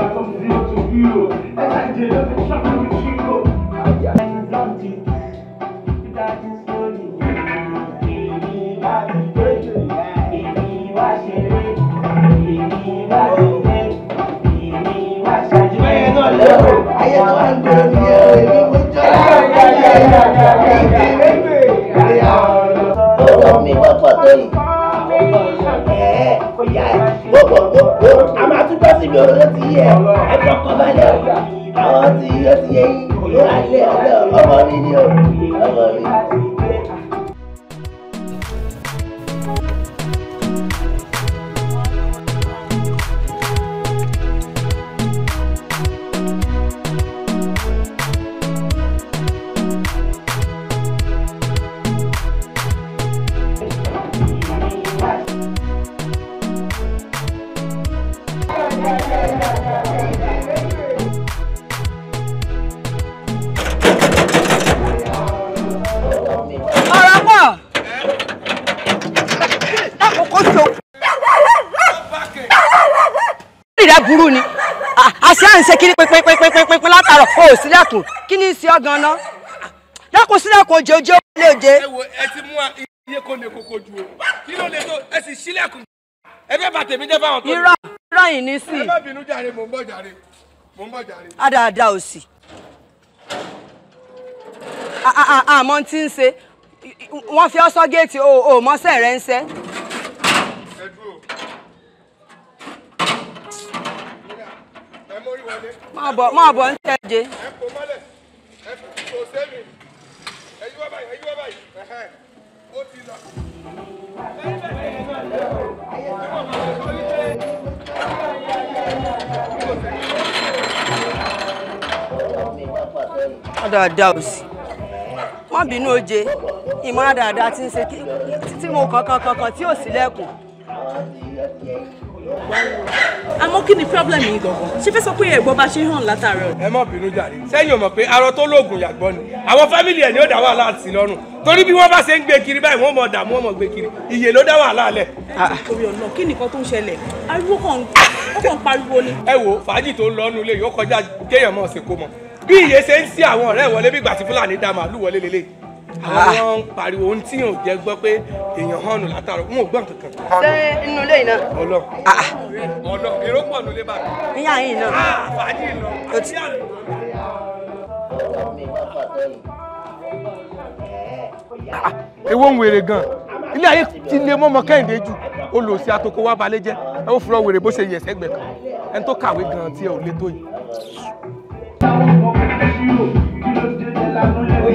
ayé tó ń gbọ́ ní ẹ̀rọ ìlú kújọ́ ayé ìdílé ìyá ọ̀rọ̀ mi wọ́pọ̀ tó yìí. Gbogbo gbogbo a máa tún bọ́ síbi òróró ti yẹ ẹ̀kọ́ kọ́ balẹ̀ o. Àwọn ti yọ ti yẹ yìí lóra ilé ọ̀rẹ́ ọmọ mi ni o ọmọ mi. sílẹ̀kùn kí ni ìsìn ọgàn náà lẹ́kùn sílẹ̀kùn òjò òjò lè dé. ẹ wo ẹ ti mú iye kò lè koko ju o kí ló lè tó ẹ sì sílẹ̀kùn ẹ fẹ́ bà tèmi jẹ́ fáwọn tó. irọ́ irọ́ yìí ní sí. ẹ má bínú jàre mò ń bọ̀ jàre mò ń bọ̀ jàre. àdàdà òsì àmọ́ tí ń ṣe wọ́n fi ọ́ sọ géètì o ò mọ́sẹ̀ rẹ̀ ń ṣe. máa bọ̀ máa bọ̀ ń tẹ̀jé. ẹ kò ti wọ́n oje ti mo kankan kankan ti o si lẹ́kùn. àmọ́ kí ni problem yìí gangan ṣé fẹ́ sọ pé ẹ̀gbọ́n bá ṣe hàn látàárọ̀. ẹ má bínú jàre sẹ́yìn ò mọ̀ pé arọ tó lóògùn yàgbọ́ ni àwọn fámìlì ẹ̀ ni ó dá wàhálà sí lọ́rùn torí bí wọ́n bá ṣe ń gbé kiri báyìí wọ́n mọ̀ dààmú ọmọ gbé kiri ìyè ló dá wàhálà lẹ̀. orí ọ̀nà kí nìkan tó ń ṣẹlẹ̀ ariwo kan ó kàn pariwo ni. ẹ wo fàájì tó ń lọ nulẹ̀ yóò kọjá kéèyàn mọ̀ ṣèkó mọ̀ bí ìyè ṣe ń sí àwọn ọ̀rẹ́ ìwọlé bí gbàtí àwọn ah. ń pariwo ohun tí yóò jẹ gbọ́ pé èèyàn hàn nù látàrọ wọn ò gbọ́ nǹkan kan. ṣé inú ilé iná. ọlọ ọlọ èrò pọ̀ nù lébà. níyà yín náà. Ah, fàájì lọ àti àlùkò. Ah, ewo ń wèrè gan ilé ayé ti lè mọ́mọ́ kẹ́hìndé jù olùsí atoko wa balẹ̀ jẹ́ ẹ ó fura wèrè bó ṣe yẹ̀ sẹ́gbẹ̀ẹ́ kan ẹni tó kàwé gan tí ẹ ò lè tó yìí.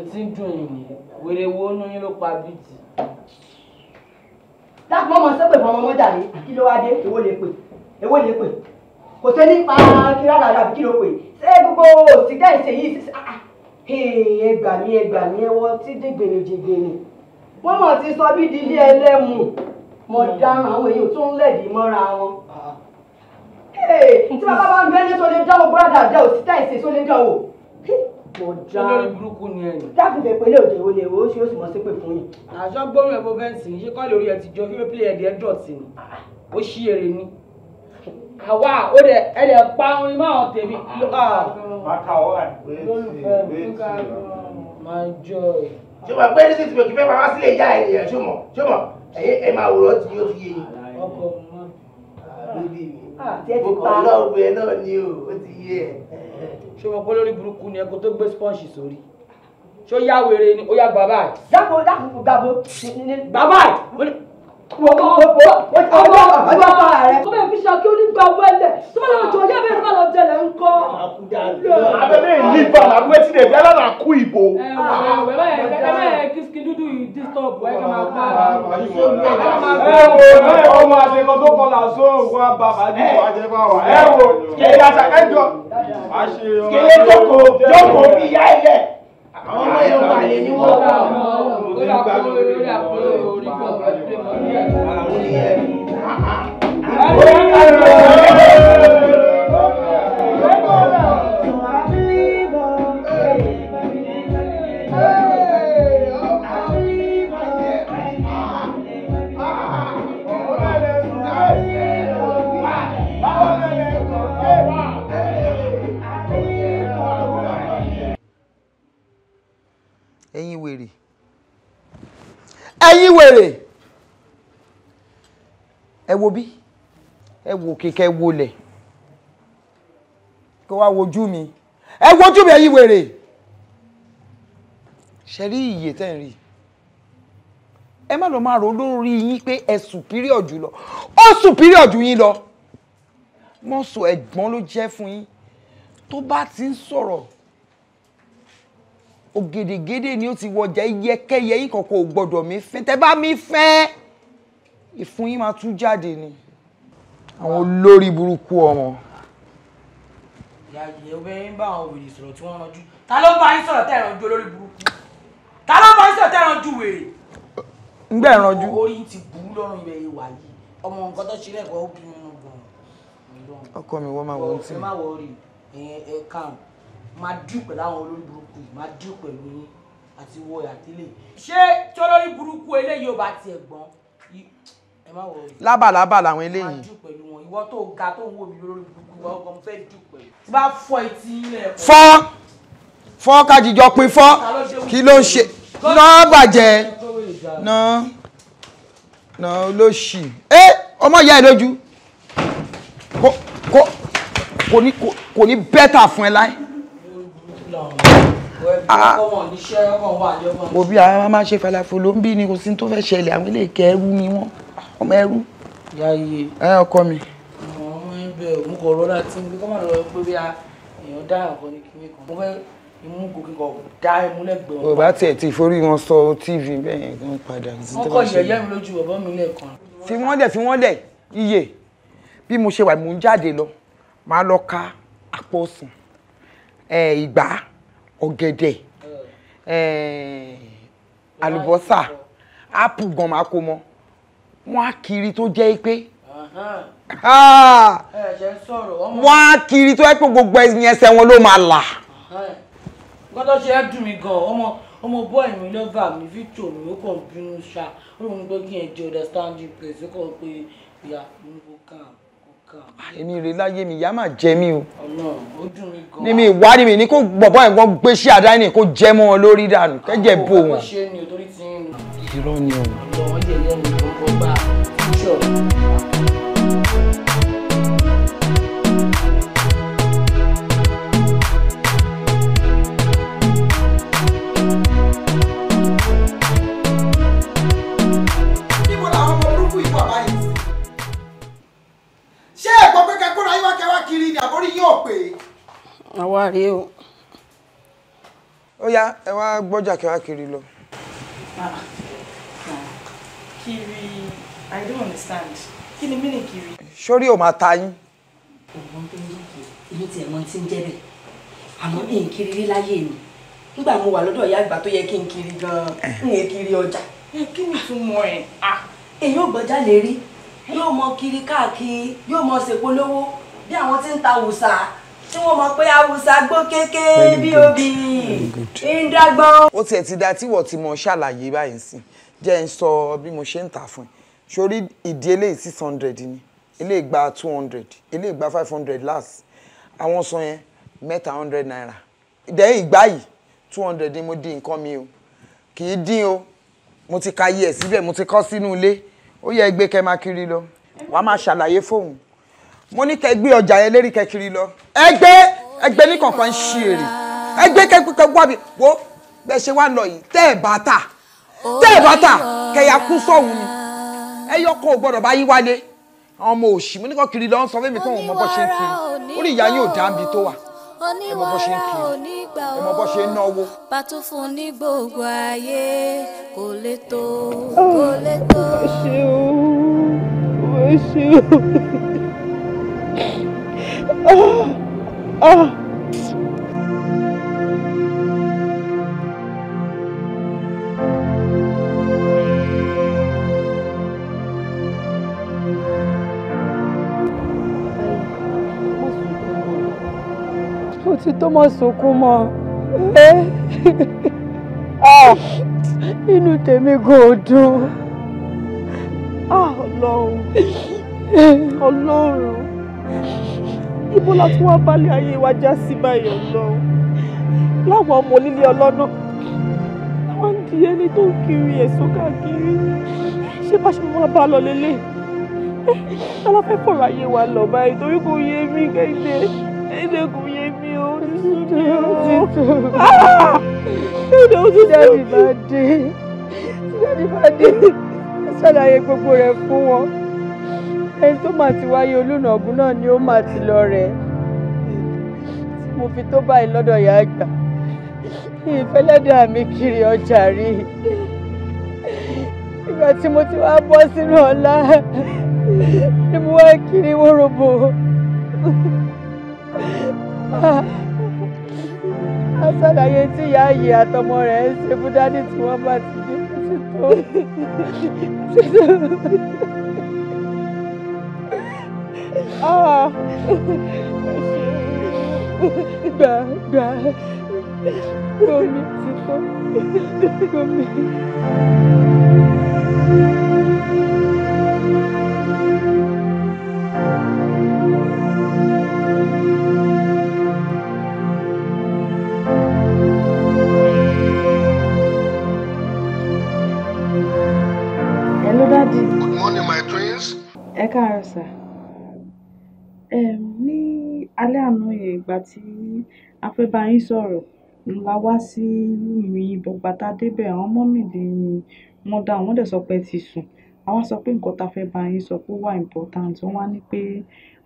etí ń dùn yìí ni wèrè wo inú yín ló pa bíìtì. dákun mọ́mọ́ sẹ́pẹ̀ fún ọmọ mọ́jà rí kí ló wá dé èwo lè pè èwo lè pè kò sẹ́ nípa kí rárá rà kí ló pè ṣé gbogbo òsì dá ìṣe yìí ah, ah. ẹ gbà mí ẹ gbà mí ẹwọ tí dégbèni jègbèni wọ́n mọ̀ ti sọ bí dilé ẹlẹ́mu mọ̀ dáhùn àwọn èèyàn tó ń lẹ̀dí mọ́ra wọn tí bàbá bá ń bẹ́ ní sọ́lé dáwọ́ bọ́dà dá òsì dá ìṣe sọ́lé dáwọ́ pọ̀ já. olórí burúkú ni ẹ̀yìn. dákùnfẹ́ pẹ̀lẹ́ òde wo lè wo ṣé o sì mọ̀ sípè fún yìí. àjọ gbóhùn ẹ̀bọ fẹ́ǹsì ṣé kọ́ lórí ẹ̀ ti jọ fífẹ́ pílẹ̀ ẹ̀dẹ̀ dọ̀tí ni ó ṣí èrè ni. àwa ó dẹ ẹlẹ pa orin ah, ah. máa hàn tèmi. màkà ó wà ní pé ṣé wàá gbé ẹni sí ti pè kí fẹ́ máa wá sílé ìyá ẹ̀ ẹ̀ ṣó mọ̀ ṣó mọ̀ ẹ̀ máa wòrán ti ní ó fi yé yín. ọkọ mi bí mi ọlọ́ọ̀gbẹ ah, náà ni o ó ti yé ẹ. ṣé wọn kọ́ lórí burúkú ni ẹkọ tó gbé spọ́ǹsì sórí ṣó yá wèrè ni ó yá bàbá ẹ̀. dáko dáko gbàgbó. bàbá ẹ̀ wọ́n wọ́n wọ́n wọ́n wọ́n wọ́n wọ́n wọ́n rẹ̀. ọmọ ẹ̀ fi ṣàkí onígbà wẹ́lẹ̀ tó bá lọ́wọ́ tó yá bẹ́ẹ̀ bá lọ jẹlẹ̀ ń kọ́. abẹ́lé ìlú ìbá làbú ẹ̀ ti dẹ̀ bí alára kú ìbò. ẹ ẹ kìsìkì dúdú yìí disturb ẹ kà máa bá a. ẹ wo ọmọ àṣekọ tó kọlà sóògùn àbàbà jù wá jẹ fún wa. ẹ wo kèye àṣà ẹjọ kèye jókòó jókòó bí yá ẹ lẹ àwọn ọmọ yẹn wà lé ní wọn ẹ̀yin wèrè ẹ wo bí ẹ wo kíkẹ́ wo lẹ̀ kó wá wojú mi ẹ mi ẹ̀yin wèrè ṣe iye tẹ́ ń rí ẹ má lọ máa rò lórí yín pé ẹ superior jù lọ ó superior jù yín lọ mọ́sọ̀ ẹ̀gbọ́n ló jẹ́ fún yín tó bá ti ń sọ̀rọ̀ ògèdègèdè ni ó ti wọjà ẹyẹkẹyẹ yín kọ̀ọ̀kan ò gbọ́dọ̀ mi fẹ́ tẹ́ bá mi fẹ́ ìfun yín máa tún jáde ni àwọn olórí burúkú ọmọ. ìyá ìyẹ́ obìnrin ń bá àwọn wèrè sọ̀rọ̀ tí wọ́n ranjú ta ló bá yín sọ̀rọ̀ tẹ́ ìranjú olórí burúkú ta ló bá yín sọ̀rọ̀ tẹ́ ìranjú wèrè. ń gbẹ́ orí ti bù ú lọ́rùn ibẹ̀ yìí wà yìí ọmọ nǹkan tó ṣe lẹ́kọ̀ọ́ ó bí nínú gan-an. ọkọ mi wọ́n máa wọ́n tì mí. ọ̀sẹ̀ máa wọ̀ rí ẹ̀ kàn máa dùn olórí burúkú yìí máa dùn lábàlábà làwọn eléyìí. ìwọ tó ga tó ń wò mí lórí gbogbo ìwọ ọkọ mo fẹ́ jù pẹ̀lú. tí bá fọ etí ilẹ̀ ẹ̀kọ́. fọ́ fọ́ kájíjọ pin fọ́ kí ló ń ṣe náà bàjẹ́ náà náà olóṣì ẹ ọmọ ìyá ẹ lójú kò kò kò ní kò bẹ́tà fún ẹ láì ah. ah. òbí àwọn máa ṣe falafolo ń bí ni kò sí tó fẹ́ ṣẹlẹ̀ àwọn ilé ìkẹ́rù ni wọ́n ọmọ ẹrú. yáyé ẹ ọkọ mi. ọmọ ń bẹ òun kò rọra tí n bí kọ́ máa lọ pé bí èèyàn dá àkọ́ ní kíní kan mo fẹ́ imú gòkè kan dá imú lẹ́gbẹ̀ẹ́. bàbá tiẹ̀ ti forí wọn sọ tv bẹ́ẹ̀ ń padà. wọ́n kọ yẹ̀yẹ́ mi lójú bàbá mi lẹ́ẹ̀kan. fi wọ́n dẹ̀ fi wọ́n dẹ̀ iye bí mo ṣe wà mò ń jáde lọ màá lọ ka àpò ọsàn ìgbá ọ̀gẹ̀dẹ̀ àlùbọ́sà ápù gan máa kó mọ́ wọ́n á kiri tó jẹ́ pé wọ́n á kiri tó jẹ́ pé gbogbo ẹ̀yìn ẹsẹ̀ wọn ló máa là. gbọ́dọ̀ ṣe é dùn mí gan-an ọmọ ọmọ bọ́ọ̀ mi lọ́gà mi Victor mi ó kàn bínú ṣá ó ń gbé kí n jẹ́ understanding place ó kàn pé ìyá mi kò kàn án èmi rè láyé mi ìyá máa jẹ mí o ní mi ìwà ni mi ní kó bọ̀bọ̀ ẹ̀gbọ́n gbé sí àdáyìn kó jẹ́ mọ́ wọn lórí dànù kẹ́jẹ́ bò wọ́n. irọ́ ni o. ni àbórí yín ò pé. àwa rèé o. ó yá ẹ wá gbọ́jà kí kiri lọ. Ah, ah. kiri i don't understand kí ni mínì kiri. sórí ò máa ta yín. òun tó ń yí kiri èmi tiẹ̀ mọ ti ń jẹ́ bẹ́ẹ̀ àmọ́ mi ì kiri rí láyé mi nígbà mo wà lọ́dọ̀ ìyá àgbà tó yẹ kí n kiri gan-an n yẹ kiri ọjà. kí ni ìtumọ̀ ẹ̀? Ah. èyí ò gbọ́jà lè rí yóò mọ kiri káàkiri yóò mọ ṣèpolówó bí àwọn tí ń ta wùsà tí wọ́n mọ̀ pé awùsà gbó kéké bí obì ń dágbọ́n. ó tiẹ̀ ti da tí wọ́n ti mọ ṣàlàyé báyìí sí jẹ́ ń sọ bí mo ṣe ń tà fún ẹ sórí ìdí eléyìí six hundred ni eléyìí gba two hundred eléyìí gba five hundred last àwọn sọ yẹn mẹ́ta hundred naira ìdẹ́yìn ìgbà yìí two hundred ni mo di nǹkan mi o kì í dín o mo ti ka yẹ síbẹ̀ mo ti kọ́ sínú ilé ó yẹ gbé kẹ́ máa kiri lọ wàá máa ṣàlàyé fóun mo ní kẹ gbé ọjà yẹn lérí kẹkiri lọ ẹgbẹ́ ẹgbẹ́ ní kankan ṣí èrè ẹgbẹ́ kẹkẹ wábi wo bẹ ṣe wá lọ yìí tẹ ẹ bá tà tẹ ẹ bá tà kẹyà kú sọhùn ni ẹyọ kọ ò gbọ́dọ̀ bá yí wálé àwọn ọmọ òṣì mo ní kọ kiri lọ ń sọ fún mi pé òun mọ bó ṣe ń kiri ó ní ìyá yóò dáa bí tó wà ẹ mọ ṣe ń kiri ẹ mọ ṣe ń náwó. pàtó fún ní gbogbo ayé kò lè tó kò lè tó. ṣé o ṣé o ti tó mọ̀ sunkún mọ́ ah. inú tèmi kò dùn ah, ọlọ́run ọlọ́run ibo la tún wá balẹ̀ ayé wa já sí báyìí ọ̀nà láwọn ọmọ onílé ọlọ́nà láwọn ń di ẹni tó ń kiri ẹ̀sùn káàkiri ṣé bá ṣe máa bá lọ lélẹ̀ aláfẹ́ fọ̀rọ̀ ayé wa lọ báyìí torí kò yé mi kẹ́hìndé kẹ́hìndé kò yé mi o ní sùdé o kẹ́hìndé o sùdé o. sùdé bá dé sùdé bá dé ẹ ṣàlàyé gbogbo rẹ̀ fún wọn ẹni tó máa ti wáyé olùnàgún náà ni ó máa ti lọ rẹ̀ mo fi tó báyìí lọ́dọ̀ ìyá àgbà ìfẹ́lẹ́dà mi kiri ọjà rí ìgbà tí mo ti wá bọ́ sínú ọ̀la ni mo wá kiri wórobo a ṣàlàyé tí ìyá àyè àtọmọ rẹ̀ ń ṣe fún dádì tí wọ́n bá ti dé títí tó. Ah! Dá, dá. Come, come. Come. ìgbà tí a fẹ́ bá yín sọ̀rọ̀ la wá sí ìlú ìbọn bàtà débẹ̀ àwọn ọmọ mi ni wọ́n dá wọ́n dẹ̀ sọ pé ti sùn àwa sọ pé nǹkan tá a fẹ́ bá yín sọ pé ó wà important wọ́n wá ní pé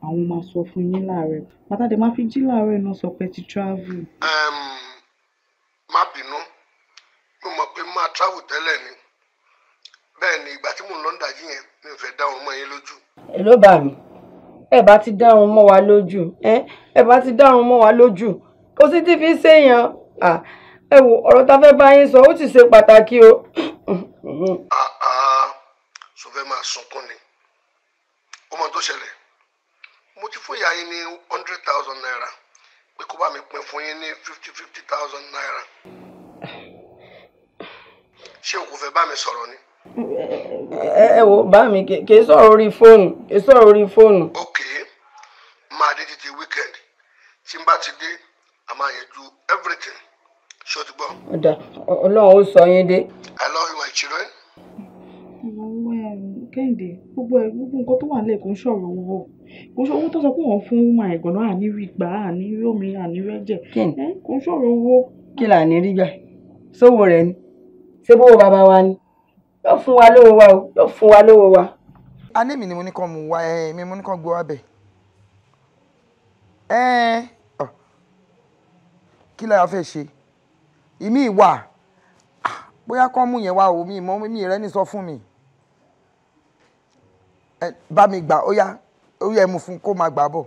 àwọn máa sọ fún yín láàárẹ̀ bàtà dé máa fi jí láàárẹ̀ náà sọ pé ti travel. má bínú mo mọ̀ pé máa travel tẹ́lẹ̀ ni bẹ́ẹ̀ ni ìgbà tí mò ń lọ ń dàjí yẹn mi ò fẹ́ dá òun mọ́ yín lójú. ẹ ló bá mi ẹ bá ti dá òun mọ́ wa lójú ẹ. Eh? ẹ bá ti dá àwọn ọmọ wa lójú kò sí ti fi ṣèyàn ẹ wo ọ̀rọ̀ tá fẹ́ bá yín sọ ó sì ṣe pàtàkì o. sọ fẹ́ máa sunkún ni ó mọ tó ṣẹlẹ̀ mo ti fún ìyá yín ní hundred thousand naira pé kó bá mi pín fún yín ní fifty fifty thousand naira ṣé o kò fẹ́ bá mi sọ̀rọ̀ ni. ẹ wo bá mi kì í sọ̀rọ̀ orí fóònù kì í sọ̀rọ̀ orí fóònù. ok máa dé títí weekend tí n bá ti dé a máa yanjú everything ṣé o ti gbọ́. ọ̀dà ọlọ́run ó sọ yín dé. I love you my children. Um, Kẹ́hìndé gbogbo ẹ̀ gbogbo nǹkan tó wà nílẹ̀ kò ń ṣọ̀rọ̀ owó kò ń ṣe owó tó sọ pé wọ́n fún woman ẹ̀gàn náà àní rí gbà àní rí omi àní rí ẹ̀jẹ̀ kò ń ṣọ̀rọ̀ owó. kí là ní rí gbà sówó rẹ ni ṣé bówó bàbá wa ni yóò fún wa lówó wa o yóò fún wa lówó wa. a ní èmi ni mo ní kàn mú wa ẹ mi mo ní kàn gbọ́ abẹ. ẹ ẹ kí la fẹ́ ṣe ìmí ìwà ah, bóyá kán mú yẹn wá o mi mọ mi rẹ ní sọ fún mi ẹ bá mi gbà ó yá ó yẹ mu fún kó máa gbà bọ̀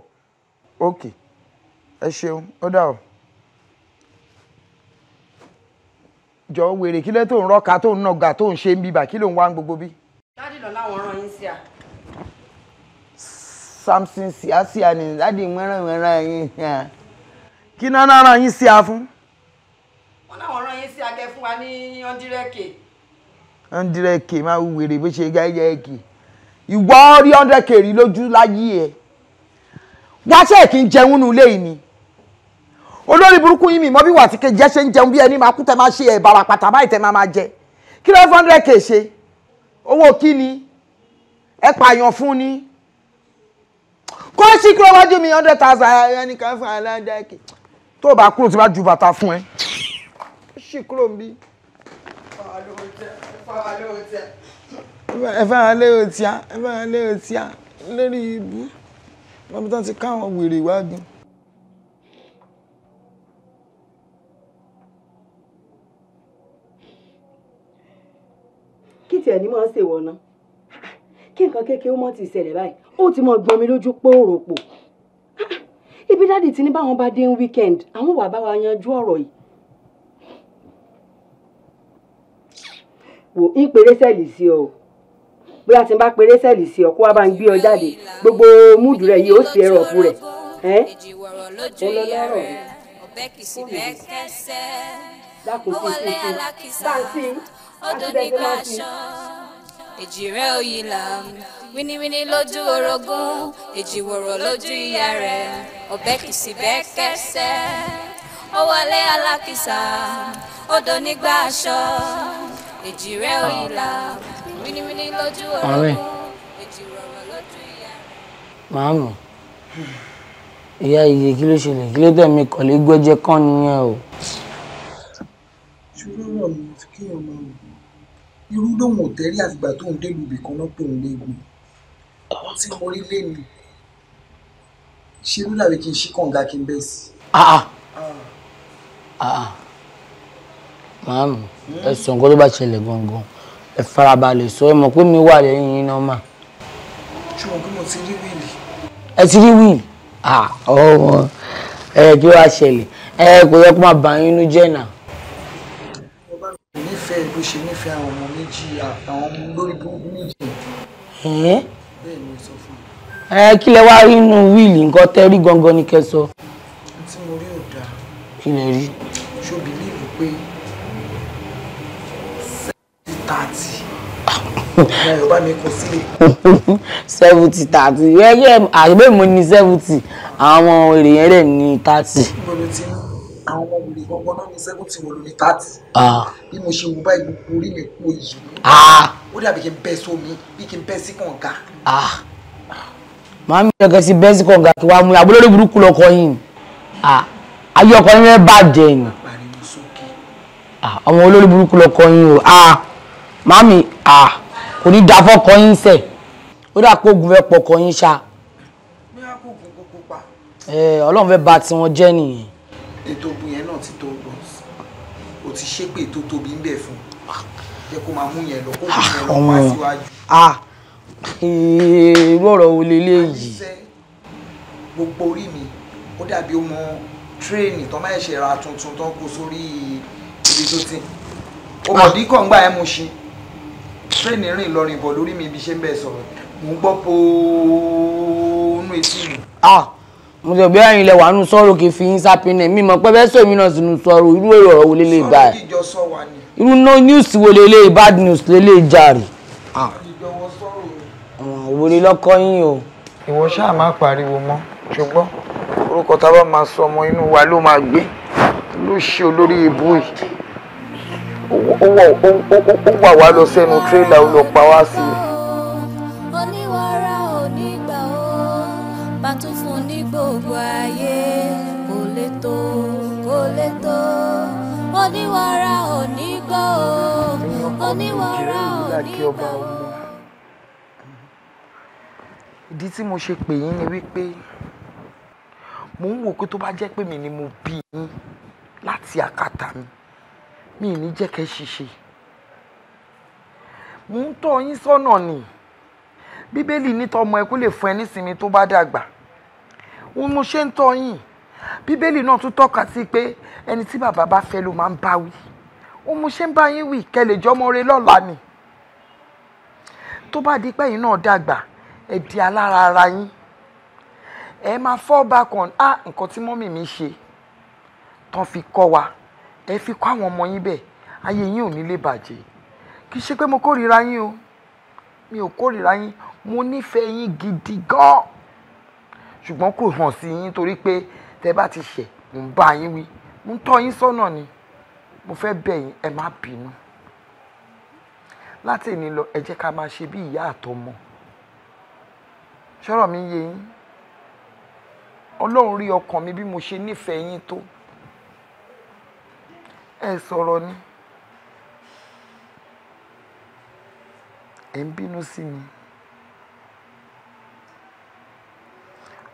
ok ẹ ṣeun ó dà o. jọ wèrè kí lẹ́ tó ń rọ́ka tó ń nàgà tó ń ṣe ń bíbà kí ló ń wá gbogbo bí. dádì lọ láwọn rán yín sí à. Samson síásíà ni dádì mẹ́rànmẹ́ràn yín kí náà ara yín sí a fún. wọn náà wọn rán yín sí akẹ́ fún wa ní ọ̀ndírẹ́kè. ọ̀ndírẹ́kè máa wù wèrè bó ṣe gẹ́gẹ́ kì ìwọ rí ọ̀ndírẹ́kè rí lójú láyé ẹ̀ wá ṣe kí n jẹun nù ilé yìí ni olórí burúkú yín mi mọ bí wà tí kejì ẹ ṣe ń jẹun bí ẹni máa kú tẹ máa ṣe ẹ bàrà pàtà báyìí tẹ máa máa jẹ kí ló fún ọ̀ndírẹ́kè ṣe owó kí ni ẹ pààyàn fún ni kó sì kúrò wájú mi hundred thousand ẹnìkan fún aláǹdẹ́kì tó o bá kúrò tí o bá ju bàtà fún ẹ ó sì kúrò ń bí. ẹ fẹ́ràn lé o tíá ẹ fẹ́ràn lé o tíá lórí ibú lọ́bí tán ti káwọn wèrè ìwádìí. kí tiẹ̀ ní máa ń ṣèwọ̀n náà kí nǹkan kékeré ó mọ̀ ti ṣẹlẹ̀ báyìí ó ti mọ̀ gbọ́n mi lójú pé ó ibi dáàdì ti ní báwọn bá dé ń weekend àwọn wà bá wa yanjú ọ̀rọ̀ yìí. wò ń pèrè sẹ́ẹ̀lì sí ọ bóyá tí n bá pèrè sẹ́ẹ̀lì sí ọ kó wá bá ń gbé ọ jáde gbogbo múùdù rẹ yìí ó sì ẹrọ ọ̀fun rẹ. ẹ ọlọlọrọ dákun sí sí sí bá ń sí àti bẹ́ẹ̀ ti máa fi èjìrẹ́ òyìnlá wíníwíní lójú orogún èjìwòrò lójú ìyá rẹ̀ ọ̀bẹ kìsì bẹ́ẹ̀ kẹsẹ̀ ó wọlé alákìsà odò nígbà aṣọ èjìrẹ́ òyìnlá wíníwíní lójú orogún èjìwòrò lójú ìyá rẹ̀. màámu ìyá iye kí ló ṣẹlẹ̀ kí ló tẹ̀mí kọ̀lé gbẹ́jẹ́ kán nìyẹn o. ṣùgbọ́n ọ̀rọ̀ mi ò fi kéèyàn máa irú lòun ò tẹ́rí àfìgbà tóun délùú ibì kan náà pòun léegun tí mo rí léni ṣe ló dàbí kí n ṣí kànga kí n bẹ́ sí. Ah, ah. Ah. màánu ẹ sọ nǹkan tó bá ṣẹlẹ̀ gangan ẹ farabalẹ̀ sọ ẹ mọ̀ pé mi wà lẹ́yìn yín náà mà. ṣùgbọ́n kí mo ti rí wíìlì. ẹ ti rí wíìlì ọmọ ẹ kí wàá ṣẹlẹ̀ ẹ kò yẹ kó máa bà yín inú jẹ́ náà ṣe nífẹ̀ẹ́ àwọn ọmọ méjì àtàwọn ọmọ lórí burúkú méjì. bẹ́ẹ̀ ni sọ fún mi. ẹ kí lẹ wá rí inú wíìlì nǹkan tẹ rí gangan ni kẹ sọ. tí mo rí ò dáa. kí lẹ rí. ṣó bìlíìfù pé seventy thirty. Yorùbá mi kò sílẹ̀. seventy thirty ẹgbẹ́ àgbẹ̀ mo ní seventy àwọn èrè yẹn dẹ̀ ní thirty. mo àwọn ọmọ wèrè gbọ́ngbọ́n náà ní seventy wọn lórí thirty. Ah. bí mo ṣe wù báyìí gbogbo orí mi kú èyí. Ah. ó dàbí kí n bẹ́ sómi bí kí n bẹ́ sí kànga. màá mi yọ̀gẹ̀ sí bẹ́ kànga kí wàá mú abúlé burúkú lọkọ yín ah. ayé ọkọ yín bàjẹ́ ni ọmọ olórí burúkú lọkọ yín o màmí kò ní da fọkọ yín sẹ̀ ó dà kó ogun fẹ́ pọkọ yín ṣá eh, ọlọ́run fẹ́ bà tiwọn jẹ́ nìyẹn ètòògùn yẹn náà ti tó gbọ́n o ti ṣépè tó tóbi ń bẹ̀ fún jẹ́ kó máa mú yẹn lọ kó máa yẹn lọ ah, wá síwájú. Ah, irú ọ̀rọ̀ wo leléyìí. gbogbo orí mi ó dàbí ọmọ tírèènì tó máa ṣe ra tuntun tó ń kó sórí ibi tó ti ọmọdé ah. kan gbà ẹ́ mu ṣin tírèènì rìn lọrin bọ̀ lórí mi ibi ṣe ń bẹ̀ sọ̀rọ̀ mò ń gbọ́ pooo etí mi mo sọ bí ẹ̀yin lẹ wà nù sọ̀rọ̀ kì í fi yín sápinẹ mi mọ̀ pé bẹ́ẹ̀ sọ èmi náà sínú sọ̀rọ̀ irú èrò ọ̀rọ̀ wo lélẹ̀ ìbá ẹ̀ irú no news wo lélẹ̀ bad news lélẹ̀ jàre. Ah. àwọn òwe lọkọ yín o. ìwọ ṣáà má pariwo mọ́ ṣùgbọ́n orúkọ tá a bá máa sọ ọmọ inú wa ló máa gbé ló ṣe olórí ibú yìí ó wà wá lọ sẹ́nu tírélà ó lọ pa wá sí i. ayé kò lè tó kò lè tó oníwàrà onígbà o oníwàrà onígbà ìdí tí mo ṣe pè yín ni wípé mo ń wò pé tó bá jẹ́ pé mi ni mo bí yín láti àkàtà mi mi ní jẹ́ kẹ́ ṣiṣẹ́ mo ń tọ́ yín sọ́nà ni bíbélì ní tọmọ ẹ kó lè fún ẹ nísinmi tó bá dàgbà òun mo ṣe ń tọ́ yìn bíbélì náà tún tọ́ka sí pé ẹni tí bàbá bá fẹ́ ló máa ń bá wí òun mo ṣe ń bá yín wí kẹlẹ̀ jọmọre lọ́la ni tó bá di pẹ́yìn náà dàgbà ẹ di alára ara yín ẹ máa fall back on nǹkan tí mọ́mì mi ṣe tán fi kọ́ wa ẹ fi kọ́ àwọn ọmọ yín bẹ́ẹ̀ ayé yín ò ní lè bàjẹ́ kì í ṣe pé mo kórìíra yín o mi ò kórìíra yín mo nífẹ̀ẹ́ yín gidi gan-an ṣùgbọ́n kò hàn sí yín torí pé tẹ́ bá ti ṣẹ̀ mò ń bá yín wí mo ń tọ́ yín sọ́nà ni mo fẹ́ bẹ̀ yín ẹ má bínú láti èní lọ ẹ jẹ́ ká máa ṣe bí ìyá àtọmọ ṣọ́rọ̀ mi yé yín ọlọ́run rí ọkàn mi bí mo ṣe nífẹ̀ẹ́ yín tó ẹ sọ̀rọ̀ ni ẹ ń bínú sí mi.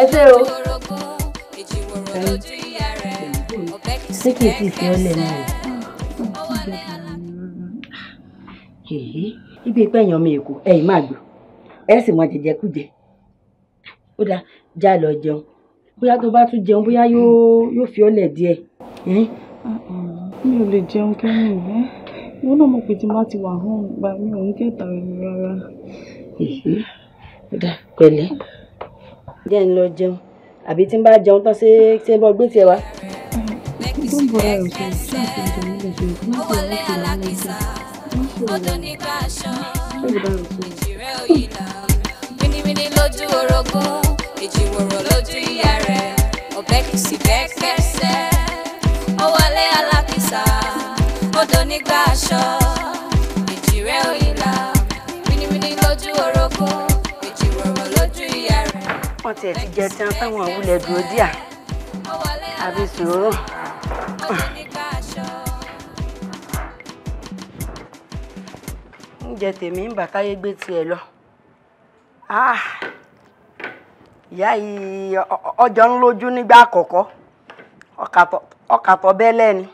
ẹ tẹ́ o síkì ti fi ọ lẹ́nu ibi ìpẹ́yàn mi èkó ẹ̀yìn máa gbọ́ ẹ sì mọ jẹjẹ kújẹ ó dáa já lọ jẹun bóyá tó bá tún jẹun bóyá yóò fi ọ lẹ̀ díẹ̀. Mm, mi ò lè jẹun kẹ́yìn rẹ̀ wọn náà mọ̀ pé tí n bá ti wà hàn gba mi ò ní kẹta rẹ rárá. Mhm. dà pẹ̀lẹ́ díẹ̀ ń lọ jẹun àbí tí n bá jẹun tán ṣé ṣé ń bọ́ gbé tiẹ̀ wá. tó ń bọ̀ ẹ̀rọ ṣe ṣáàfin jẹun nílẹ̀ ṣe ìgbọ́n tó ń bọ̀ ẹ̀rọ ṣe ṣáàfin lójú orogún èjì wòrò lójú ìyá rẹ̀ ọ̀bẹ kìí sí bẹ́ẹ̀ kẹsẹ̀. nígbà aṣọ ìjì rẹ ò yí la wíníwíní lójú orogún ìjì rọ̀rọ̀ lójú ìyá rẹ̀. wọ́n tiẹ̀ ti jẹ tán táwọn òwúlẹ̀ dúró díà àbí sòrò. oúnjẹ tèmi ń bà káyé gbé tiẹ̀ lọ ah! ìyá yìí ọjọ́ ń lójú nígbà àkọ́kọ́ ọkàtọ̀ bẹ́ẹ̀ lẹ́ni.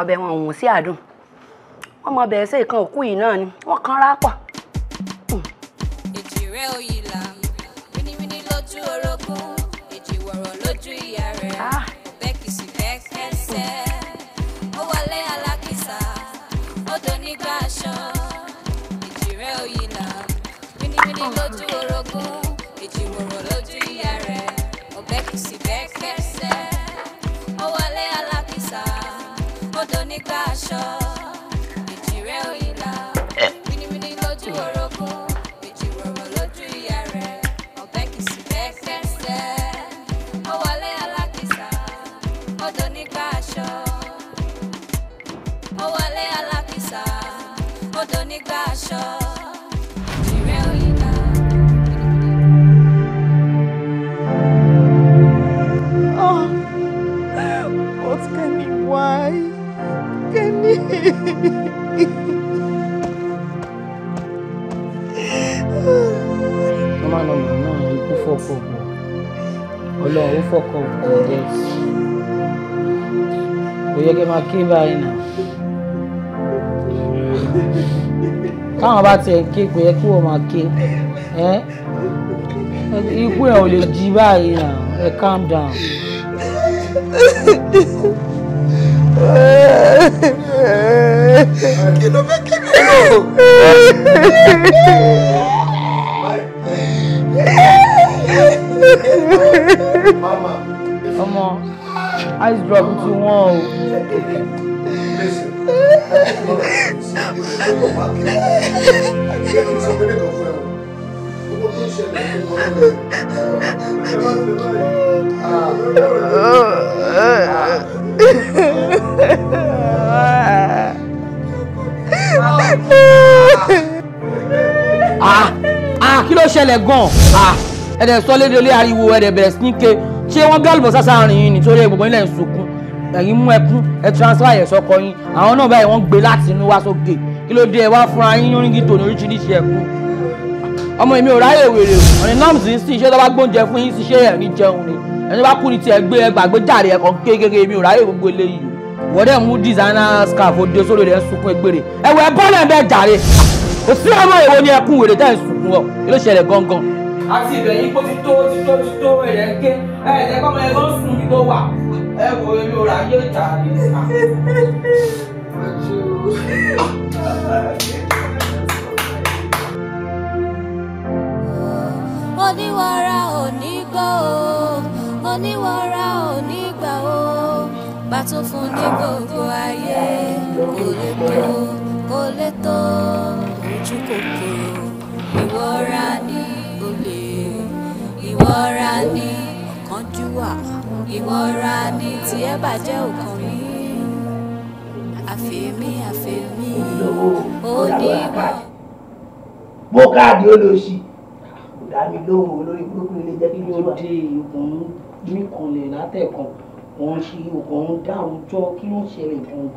ọbẹ̀ wọn òun sí àdùn wọ́n mọ bẹ̀ẹ́ sí ìkan òkú yìí náà ni wọ́n kan rápọ̀ gbàṣọ ìjìrẹ́ òyìnlá bínibíní eh. lójú orogún méjì rọ̀rọ̀ lójú ìyá rẹ̀ ọ̀bẹ kìsì bẹ́ẹ̀kẹ́sẹ̀ ó wọlé alákìsà odò ní gbàṣọ ó wọlé alákìsà odò ní gbàṣọ. ọlọ́run ó fọkàn òkun jẹ́ kò yẹ kí n máa ké báyìí nà káwọn bá tiẹ̀ ké kò yẹ kí wọ́n máa ké ẹ́ ikú ẹ̀ ò lè jí báyìí nà ẹ calm down. kí ló fẹ́ kí ló lò. ọmọ Eyes drop ti wọ́n o. Ah! Ah! Kí ló ṣẹlẹ̀ gan-an? Ah! ẹ̀dẹ̀ sọ lédele ariwo ẹ̀dẹ̀ bẹ̀rẹ̀ sí ní ké ṣé wọ́n gbé àlùbọ́sà sáárín yín nítorí gbogbo yín lẹ̀ ń sunkún ẹ̀yin mú ẹkún ẹ transfer yẹn sọkọ yín àwọn náà báyìí wọ́n gbé láti inú wá sókè kí ló dé ẹ wá fúnra yín yóníngì tòní oríṣiríṣi ẹkún ọmọ èmi ò ráyè wèrè ọ̀nì nọ́ọ̀mù sì ń sí iṣẹ́ tó bá gbóúnjẹ fún yín ṣiṣẹ́ ẹ̀ ní jẹun ni ẹni bá kú ní tiẹ̀ gbé ẹ gbàgbé jàre ẹ̀kọ́ kékeré èmi ò ráyè gbogbo eléyìí wọ́dẹ̀ mú designer scarf òde sórí rẹ̀ ń sunkún egbèrè ẹ̀wọ̀ ẹ̀ bọ́ọ̀lù ẹ̀ bẹ́ẹ̀ jàre kò sí ọmọ èwo ni ẹkún wèrè tẹ́ ń sunkún ọ̀ kí ló ṣẹlẹ̀ gangan àti ìbẹ̀yìn kó ti tó ti tó ti tó ẹ̀rẹ̀ ké ẹ̀ẹ́dẹ́ kọ́mọ ẹ̀ lọ́ọ́ sùn mi tó wà ẹ wo eré ọ̀rọ̀ ayé ìjà mi. oníwàrà ò ní gbọ́ o oníwàrà ò gbà o bá tó fún ní gbogbo ayé kò lè tó kò lè tó ojú kòkòrò ìwọra ní ìwọra ni ọ̀kánjúwà ìwọra ni tí ẹ bàjẹ́ ọkàn mi àfẹ́mí àfẹ́mí ó ní ìwọ. bó káàdì olóòṣì kò dá mi lóhùn olórí burúkú ilé jẹ́ kí n dé ìkùn mi kanlẹ̀ látẹ̀kan wọ́n ṣe ọkàn ń dá àwùjọ kí ló ń ṣẹlẹ̀ gangan.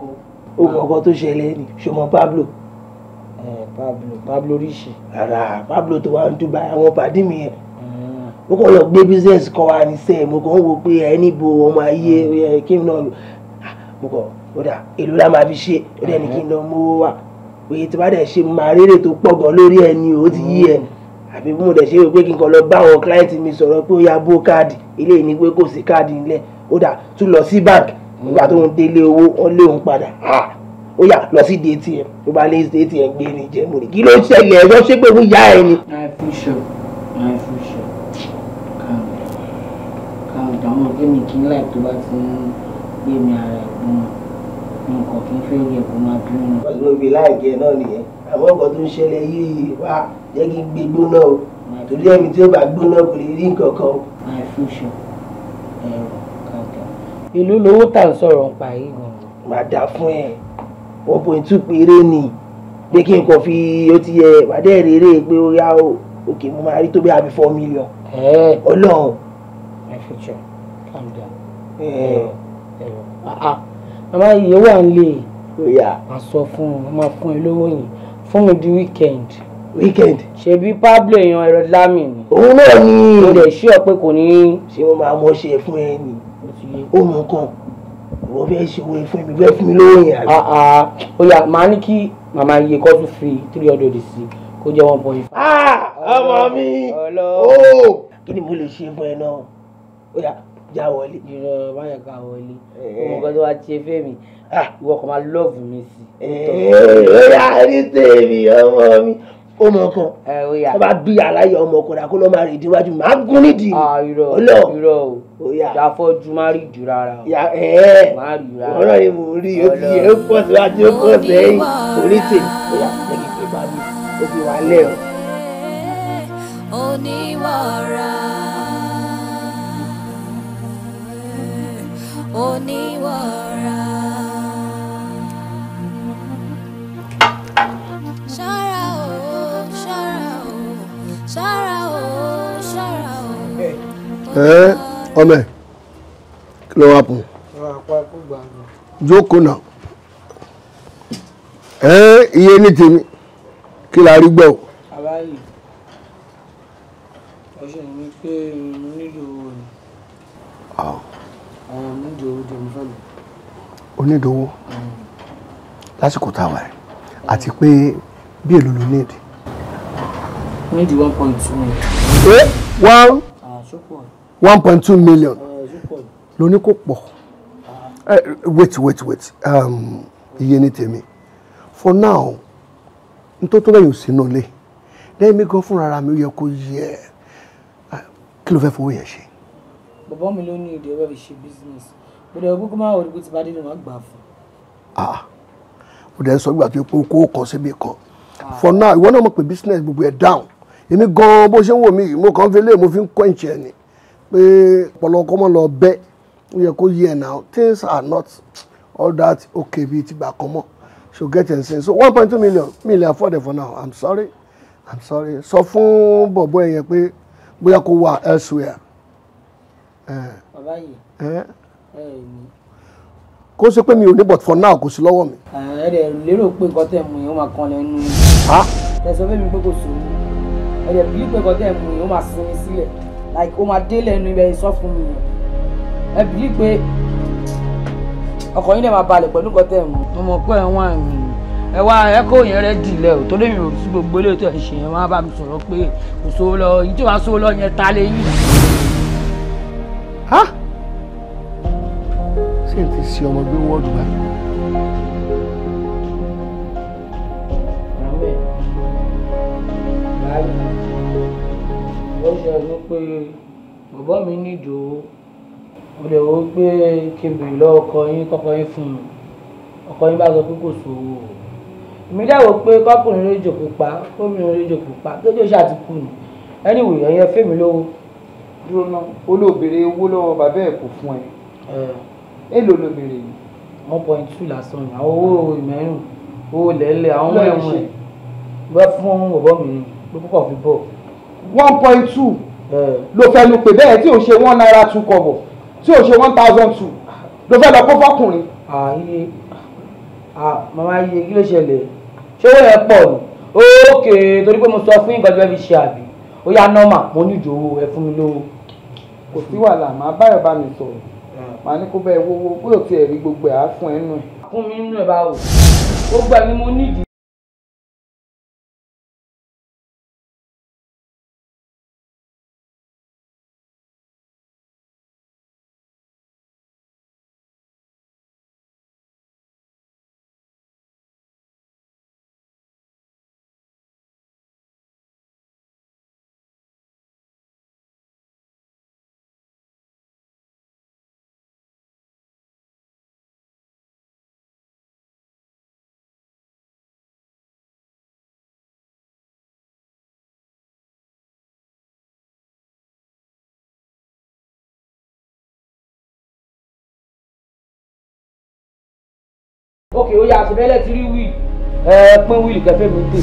ogun ọkọ tó ṣẹlẹ̀ ni ṣọmọ Pablo. Pablo Pablo ríṣì. rárá Pablo tó wà ń Dubai àwọn pàdé mi yẹn mo kàn lọ gbé business kan wá ní mo kàn wo pé ẹni ọmọ ayé kí n náà ah, mo kàn ó dà èlò la máa fi ṣe ó dẹ̀ ní kí n lọ mú wá òye tí bá dẹ̀ ṣe máa rérè tó pọ̀ gan lórí ẹni ó ti yí ẹ mm. àbí mo dẹ̀ ṣe pé kí n kàn lọ bá àwọn client mi sọ̀rọ̀ pé ó ya bó káàdì ilé ìní pé kò sí káàdì nílẹ̀ ó dà tún lọ sí bank nígbà tó ń mm. délé owó ó lé òun padà ah, ó yà lọ sí atm ló bá lé atm gbé ní jẹ́ mo rí kí ló ṣẹlẹ̀ ẹ̀rọ ṣépè fún ìyá ẹ ni. i feel sure i feel sure ọ̀dọ̀ àwọn ọ̀gá mi kí n láì tó bá ti ń gbé mi ara ẹ̀gbọ́n mi nǹkan kí n fẹ́ yẹ kó máa bí wọn. ọ̀sùn òbí láìkí ẹ náà nìyẹn àwọn ọkọ̀ tó ń ṣẹlẹ̀ yìí wá jẹ́ kí n gbé gbóná o torí ẹni tí ó bá gbóná kò lè rí nǹkan kan. my future ẹ̀rọ kankan. ìlú lowó tà ń sọ̀rọ̀ ń pa yìí gan. màá dà fún ẹ one point two péré ni pé kí n kàn fi ó ti yẹ wàdẹ́ rere pé ó yá òkè mo máa rí tó bí i àbí four million. ọlọ́run. my future calm down. màmá iye wà nílé oh, màá sọ fún un màá fún ẹ lówó yìí fún mi di weekend. weekend. ṣebí Pablo èèyàn ẹ̀rọ lámì ni. òun náà ni. mo lè ṣí ọ pé kò ní. ṣé mo máa mọ ṣe fún ẹ ni ó mọ nǹkan ìwọ fẹ́ ṣe owó fún mi fẹ́ fún mi lówó yẹn. Ah, ah. ó yá màá ní kí màmá iye kọ́ tún fi three hundred sí kó jẹ́ one point five. Ah! ọmọ mi ooo oh! kí ni mo lè ṣe fún ẹ náà ó já wọlé. irọ́ báyọ̀ ká wọlé ọmọ eh, kan eh. tó wá ṣe fẹ́mi ah. ìwọ kan máa lọ́ọ̀fù mi sí. Eh, ọ̀yà rí ah, tèmi ọmọ mi ọmọ kan tó bá bí aláyọ̀ ọmọ kan dà kó lọ́ọ́ máa rè díwájú máa gún nídìí ah, ọlọ́ irọ́ o ìdáfọ́jú má rí jù rárá o má rí jù rárá o ọ̀rọ̀ yìí mò ń rí òbí yẹn ó pọ̀ síwájú ó pọ̀ sẹ́yìn orí tèmi ó yà lẹ́yìn pé bá mi ó fi wà lẹ́ẹ̀ oníwọ̀ra. ṣọ́ra o ṣọ́ra o ṣọ́ra o ṣọ́ra o. ẹ ọmọ ẹ kí ló wá pọ. jókòó náà ẹ iye ní tèmi kí la rí gbọ́. aláyè mo nílò òòlù onídòwò lásìkò táwa ẹ̀ àti pé bí èlò ló níìdì. níìdì one point two million. ẹ one one point two million ló ní kò pọ̀ wait wait wait um, iye ní tèmi for now n tó tó lẹ́yìn òsínú lé lẹ́yìn mi gan fúnra mi ó yẹ kó yẹ kí ló fẹ́ fowó yẹn ṣe. bàbá mi ló ní ìdí ọba fi ṣe business bùdẹ ògúngún máa wò ní bùtì bá nínú wọn gbà fún. bùdẹ ah, sọ gbà tó yẹ kó kọ síbi kan ah. for now ìwọ náà mo pè business gbogbo ẹ down èmi gan bó ṣe ń wò mí mo kàn fi lé mo fi ń kọ́ ìṣẹ́ ni pé ọ̀pọ̀lọpọ̀ mọ́ lọ bẹ́ ó yẹ kó yẹ now things are not all that okay bíi ti gbà kan mọ́ so get in sense so one point two million million afford it for now i'm sorry i'm sorry sọ fún bọ̀bọ̀ ẹ̀ yẹn pé bóyá kó wà elsewhere. Eh. bàbá yìí. Eh? kó ṣe pé mi ò ní but for now kò sí lọ́wọ́ mi. ẹ ẹ lérò pé nǹkan tẹ̀ mú yẹn ó máa kan lẹ́nu. tẹ̀sán fẹ́mi pé kò sòrò ẹ dẹ̀ bí pé nǹkan tẹ̀ mú yẹn ó máa sinmi sílẹ̀ like ó máa dé lẹ́nu ibẹ̀ sọ fún mi ẹ bí pé ọkọ̀ yín dẹ̀ máa balẹ̀ pẹ̀lú nǹkan tẹ̀ mú. ọmọ pẹ́ ẹ wá mi ẹ wá ẹkọ yẹn rẹ dìlẹ o torí mi ò sí gbogbo ilé tó ẹ ṣe yẹn ṣé n ti ṣe ọmọ gbé wọ́ọ̀dù báyìí. wọ́n ṣe àgbẹ̀ pé bàbá mi ní ìdòwò mo lè wo pé kí n bèrè lọ́wọ́ ọkọ yín kọ́kọ́ yín fún un ọkọ yín bá sọ pé kò sówó o èmi dáwọ́ pé kọ́kùnrin ló jòkó pa kọ́kùnrin ló jòkó pa kéjọ́ ṣáà ti kú ni anyway ẹ̀yin ẹ fẹ́ mi lówó. dúró ná olóòbèrè owó lọ́wọ́ bàbá ẹ̀ kò fún ẹ èlò ló béèrè yìí one point two lásán ni àwọn owó ìmẹ́rùn owó lẹ́lẹ̀ àwọn ohun ẹ̀wọ̀n ẹ̀ wẹ́ fún ọ̀bọ mi ló púpọ̀ fi bọ̀. one point two ló fẹ́ lu pé bẹ́ẹ̀ tí ò ṣe one naira two kọ̀bọ̀ tí ò ṣe one thousand two ló fẹ́ lọ kó fọkùnrin. ààyè màmá yìí kí ló ṣẹlẹ̀ ṣé owó yẹn pọ̀ ni ókè torí pé mo sọ fún ìgbàdí bẹ́ẹ̀ fi ṣe àbí ó yá nọ́mà mo ní ìjòwó ẹ fún mi lówó. kò sí wàhálà màá báyọ̀ bá mi sọ̀rọ̀ màá ní kó bẹ́ẹ̀ wọ́wọ́ bóyá tiẹ̀ rí gbogbo ẹ̀ á fún ẹ nù fún mi nínú ẹ̀ bá wò ó gbà ni mo nídìí. òkè ó yà àṣebẹ́lẹ̀ ti rí wíìlì ẹ pín wíìlì kẹfẹ́ mi dé.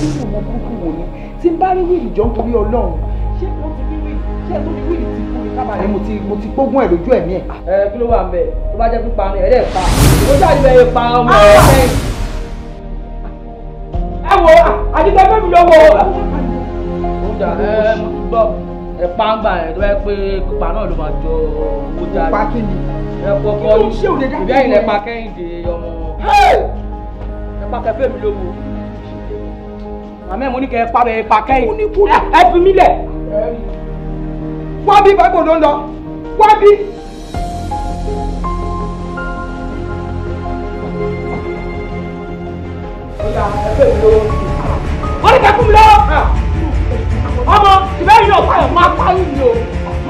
nínú ọmọ burúkú wò ni tí n bá rí wíìlì jọ ń torí ọlọ́run ṣé mo ti rí wíìlì ṣé mo ti wíìlì ti fún mi kábàárẹ̀ mo ti mo ti gbógun ẹ̀ lójú ẹ̀mí ẹ̀. ẹ kí ló wà ń bẹ tó bá jẹ́ pípa ni ẹ̀ dẹ̀ pa ó jáde bẹ́ẹ̀ pa ọmọ ẹ̀ sẹ́yìn. Ah! ẹ wo àdìgbẹ́ fẹ́ mi lọ́wọ́ ẹ pàǹgbà ẹ tó yẹ pé pípa náà ló máa jọ owó jáde. pàkínni. ẹ kọkọ ìbí ẹ̀yìn lẹ pa kẹ́hìndé ọmọ ẹ pa kẹfẹ́ mi lówó màmá ẹ̀ mo ní kẹ́ ẹ pa bẹ́ẹ̀ pa kẹ́yìn ẹ fi mí lẹ̀ wá bí bábò ló ń lọ wá bí. wọ́n ní kẹ́ fún mi lọ́wọ́ ọmọ ìbẹ́yìn náà fàyọ̀ máa pa yín ni o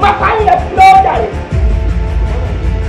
máa pa yín ẹ fún mi lọ́wọ́ jàre.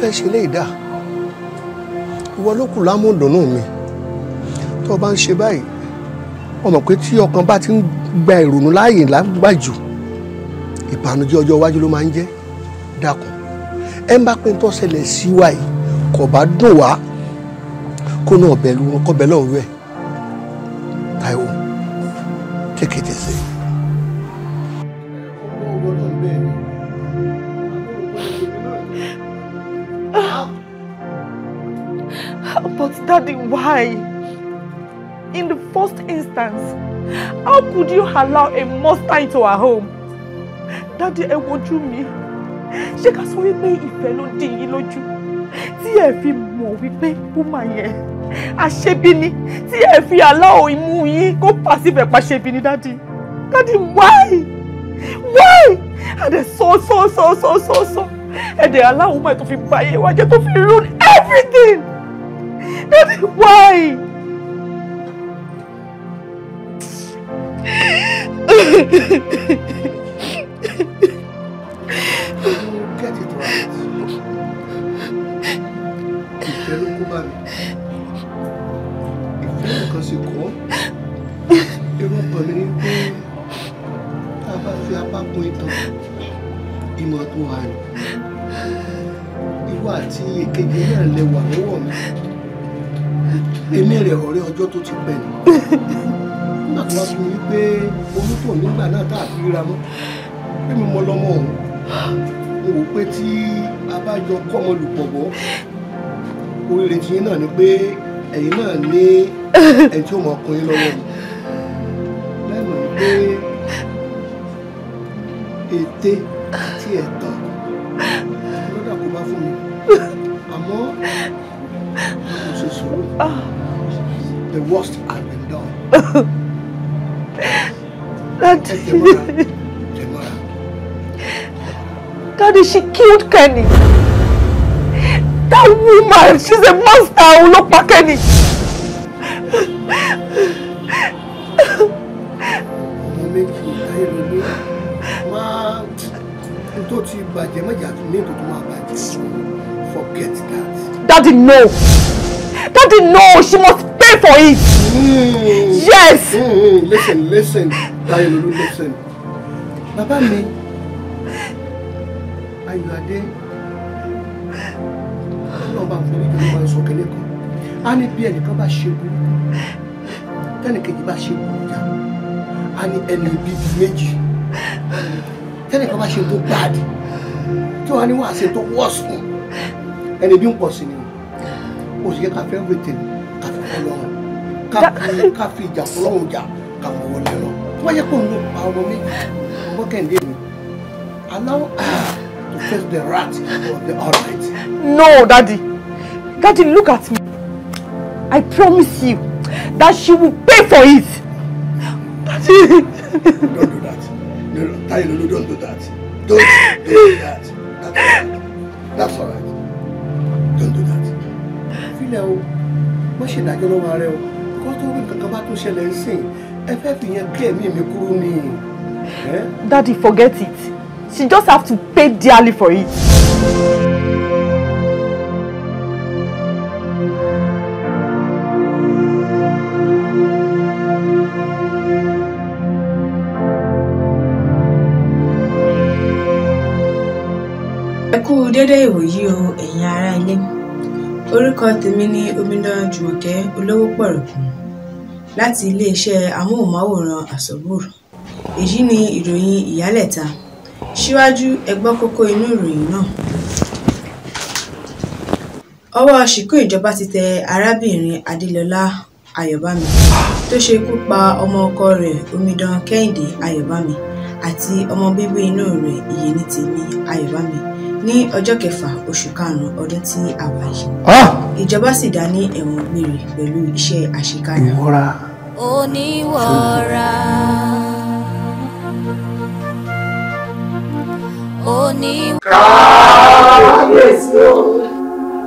fẹ́ ṣe lé ìdá ìwọ ló kù lámúdùnú mi tó o bá ń ṣe báyìí ọmọ pé tí ọkàn bá ti ń gba ìrònú láàyè lágbàjù ìbànújẹ́ ọjọ́ iwájú ló máa ń jẹ́ dákun ẹ ń bá pé tó ṣẹlẹ̀ sí wa yìí kò bá dùn wá kó náà bẹ̀rù wọn kọ́ bẹ́ẹ̀ lọ́wọ́ ẹ̀ Táíwò take it easy. Why? In the first instance, how could you allow a monster into our home? Daddy, ẹ wojú mi. Ṣé ká sọ wípé ìfẹ́ ló dí yín lójú? Tí ẹ fi mọ̀ wípé ó mà yẹn. Àṣebí ni tí ẹ fi aláwọ̀ imú yín kó pàṣípẹ̀ pàṣebí ni daddy. Daddy, why? Why? Adé so so so so so sọ. They allow máa to fi báyé wájẹ́ tó fi ruin everything. Daddy, why? Get it right. Ìfẹ́ ló kó bá mi. Ìfẹ́ nìkan sì kọ́. Irú ọkàn mi ní pé tá a bá fi apá kún ìtàn, ìmọ̀ tó wà ní. Ìwọ àti èkejì náà lẹ́wà wọ́n ọjọ́ tó ti pẹ́ ni nígbà tó wá fún mi pé orúkọ nígbà náà tá a fi ríra mọ́ pé mi mọ lọ́mọ òun mo wò pé tí a bá yọ kọ́mọ lùpọ̀ bọ́ oríire tiyín náà ni pé ẹ̀yin náà ní ẹni tí ó mọ ọkùnrin lọ́wọ́ mi lẹ́nu ni pé ète àti ẹ̀tàn lọ́dà kó bá fún mi àmọ́ mo ṣe sọ̀rọ̀ the worst I've been done. Daddy. Demora. Daddy, she killed Kenny. That woman, she's a monster. Ulopa Kenny. Mommy, you Ma, you thought you bad. you Forget that. Daddy, no. Daddy, no. She must for it. Mm. Yes. Mm. Listen, listen, Dayololu, listen. Bàbá mi, Ayọ̀adé, ọlọ́ba àfẹ́rí kan máa ń sọ kẹ́lẹ́ kan. A ní bí ẹnìkan bá ṣe kú, tẹ́nìkejì bá ṣe kú ìjà, a ní ẹni ibi di méjì. Tẹ́nìkan bá ṣe tó gbáàdì, tí wọ́n á ní wọ́n á ṣe tó wọ́ọ̀sùn. Ẹni bí ń pọ̀ sí ni o, òṣìṣẹ́ káfẹ́ ń wètè ní káfẹ́ ọlọ́run ká fi ìjà fọlọ́hún jà ká mọ̀ wọlé lọ tó bá yẹ kó ló pa ọmọ mi ọmọ kẹ́hìndé mi allow her to face the rat of the alright. no daddy daddy look at me i promise you that she will pay for it. daddy. don't do that no no Tayo don't do that don't do that that's all right. don't do that. filẹ̀ o má ṣe ìdájọ́ lọ́wọ́ ara rẹ o tó rí kankan bá tó ṣẹlẹ̀ ń ẹ fẹ́ fi yẹn gbé ẹ̀mí mi kúrò ni. Daddy forget it she just have to pay dearly for it. ẹ kú déédéé ìwòyí o ẹ̀yin ará ilé orúkọ tèmi ni omidan jùmọ̀kẹ́ olówó pọ̀rọ̀kùn láti iléeṣẹ́ amóhùnmáwòrán àsọ̀bùr èyí ni ìròyìn ìyálẹ̀ta síwájú ẹ gbọ́ kókó inú ìròyìn náà ọwọ́ ṣìkún ìjọba ti tẹ arábìnrin adélọlá ayọ̀bámi tó ṣekú pa ọmọ ọkọ rẹ̀ omidan kẹ́hìndé ayọ̀bámi àti ọmọ bíbí inú rẹ̀ ìyẹnitèmi ayọ̀bámi ní ọjọ́ kẹfà oṣù karùn-ún ọdún tí a wà yìí. ìjọba sì dá ní ẹ̀wọ̀n gbére pẹ̀lú iṣẹ́ àṣekára. ìwọra. oníwọra. oníwọra. káàbíyèsí o.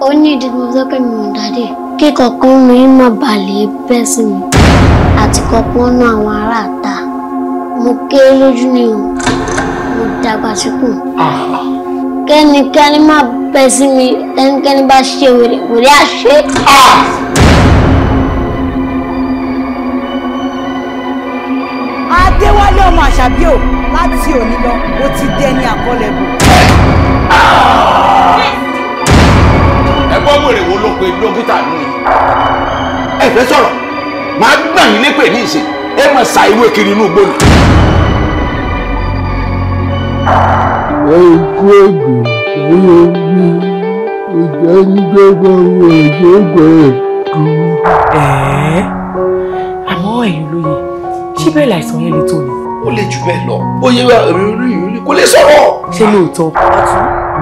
ó ní ìdìbò sọ́kẹ́ mi ò dáadé kíkọ̀ kan mi mọ̀ balẹ̀ bẹ́ sí mi àti kọ̀ọ̀kan náà àwọn aráàta mo ké lójú ni o mo dàgbà síkù. Ah kẹ́nikẹ́ni má bẹ́ sí mi ẹnikẹ́ni bá ṣe wèrè wèrè àṣẹ. adéwálé ọmọ àṣàbí o láti òní lọ ó ti dẹni àkọlẹ̀ bò. ẹ̀gbọ́n wèrè wo ló pe dókítà nù ni ẹ fẹ́ sọ̀rọ̀ màá gbà yín lépè ní ìsìn ẹ máa sa ìwé kiri inú gbòòlù ọ̀rẹ́ ikú ègbò omi ìjẹ́ nígbà gbọ́wọ́ ẹ̀jẹ̀ ògbọ́ ẹ̀kú. ẹ̀ẹ́ àmọ́ ẹ̀yin lóye ṣé bẹ́ẹ̀ láìsàn yẹn lè tó ni. ó lè jù bẹ́ẹ̀ lọ ó yẹ ẹ̀rọ orí ìrírí kó lè sọ̀rọ̀. ṣé lóòótọ́.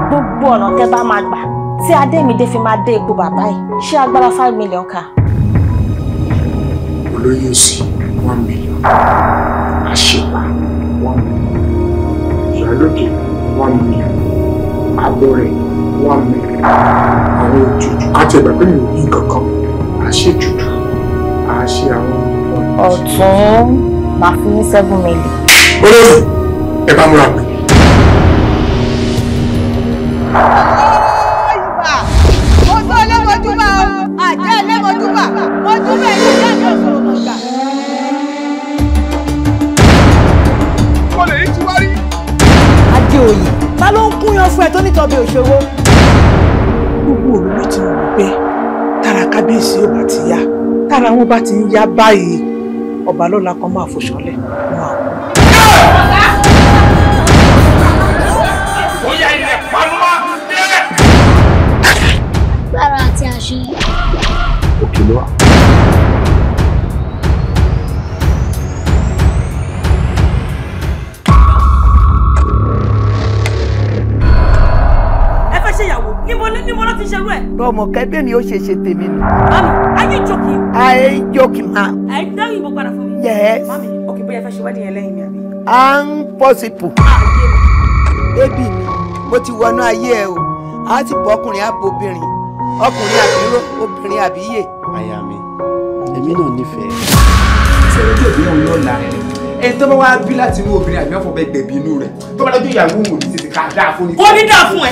gbogbo ọ̀nà tẹ́ bá máa gbà tí adémídé fi máa dé ipò bàbá yìí ṣé agbára five million kà. olóyè òsì one million àṣepa one million ìyálóde one million àbọ̀ rẹ̀ one million àwọn òtútù àti ẹ̀gbà pé mi ò ní nǹkan kan à ṣe tutù à ṣe àwọn ọ̀tún máa fún ní seven million. olóòtú ẹ bá múra pé. tára wọn bá ti ń yá báyìí ọba lọ́la kan máa fòṣánlẹ̀ wọn àwọn. bóyá ilẹ̀ pamọ́ dé. lára àti àṣeyẹ. òkè ló wà. ọ̀dọ́ ọmọ kẹ́bí mi ó ṣe ṣe tèmi nù. mami are you joking. Ah. i ain't joking ma. ẹ dáhùn ìbò padà fún mi. yes. mami òkè bóyá fẹ́ ṣe wedding yẹn lẹ́yìn mi àbí. impossible. Ah, baby mi mo ti wọnú ayé ẹ o a ti bọ ọkùnrin abobìnrin ọkùnrin àbíró obìnrin àbíyè. àyà mi èmi náà nífẹ̀ẹ́. sẹ́yìn tí òbí náà lọ́la ẹni tó bá wá bí láti inú obìnrin àbí ọ̀fọ̀ bẹ́ẹ̀ gbẹ̀bí inú rẹ̀ tó bá lọ́jọ́ ìyàwó òun ò ní tètè ká dáa fún ni. ó ní dáa fún ẹ.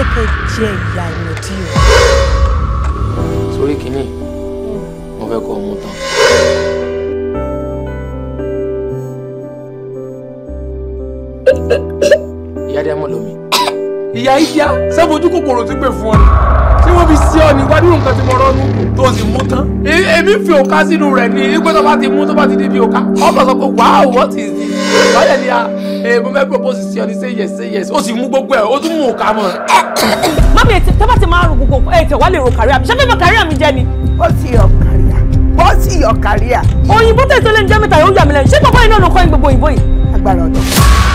jẹ́ kẹ́ jẹ ìyá ìmọ̀dí o. sórí kínní mo fẹ́ kọ́ ọmọ tán. ìyá dẹ́mọ̀ lómi. ìyá ìyá sábòjú kòkòrò ti pè fún ọ ni tí wọ́n fi sí ọ ní wádìí nǹkan tí mo rọ́nu tó sì mú tán. E, èmi fi òka sínú rẹ̀ ní pé tó bá ti mú tó bá ti débi òka. ọ̀pọ̀ sọ pé wàá wọ́n ti sí. lọ́yẹ̀ ni a ẹ eh, mo fẹ́ propose sí ọ ní say yes say yes ó sì mú gbogbo ẹ ó tún mú òkà mọ. mami ètè tẹ́ bá ti máa ro gbogbo ẹ tẹ̀ wá lè ro kàríà mi ṣé fẹ́ bá kàríà mi ni. ó sì yọ kàríà ó sì yọ kàríà. òyìnbó tẹ̀sán lẹ́nu jẹ́ mẹ́ta yóò yà mí lẹ́nu ṣé kọ́kọ́ iná ló kọ́ gbogbo ìbò yìí. agbára ọ̀dọ́.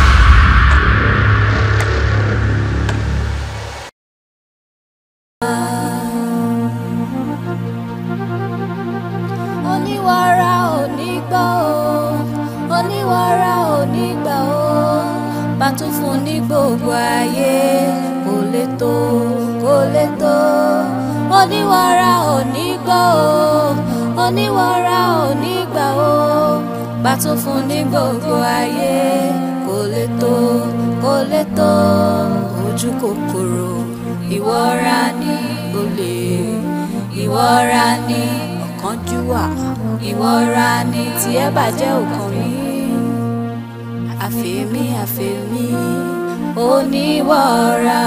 ìwọ́ra ni ọ̀kánjúwà ìwọ́ra ni tí ẹ bàjẹ́ ọkàn mi àfẹ́mí àfẹ́mí oníwọ́ra.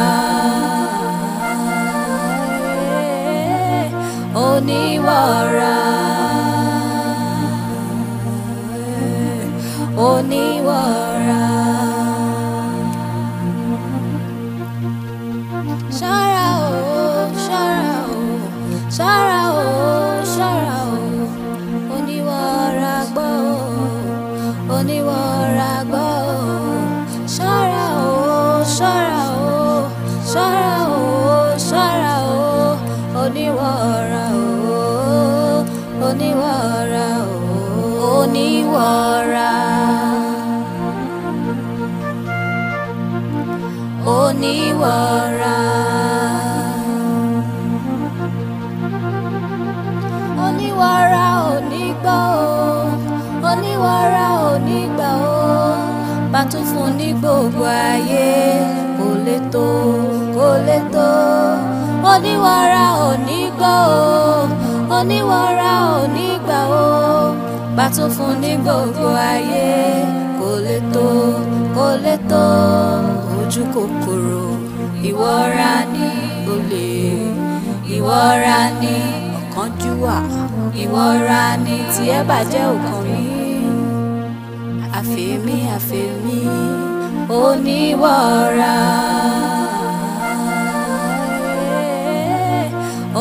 tó kò lè tó oníwàrà onígbà o oníwàrà onígbà o pàtó fún ní gbogbo ayé kò lè tó kò lè tó ojú kòkòrò ìwọra ní olè ìwọra ní ọ̀kánjúwà ìwọra ní tí bàjẹ́ ọkàn mi àfẹ́mí àfẹ́mí oníwàrà.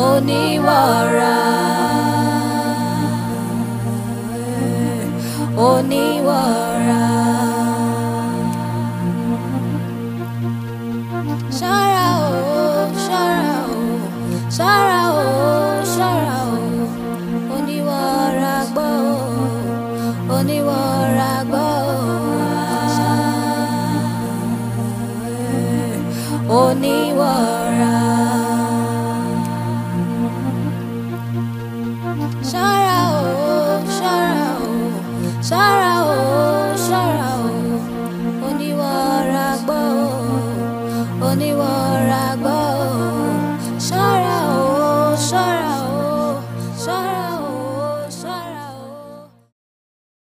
Oníwàrà. Oníwàrà. Oh.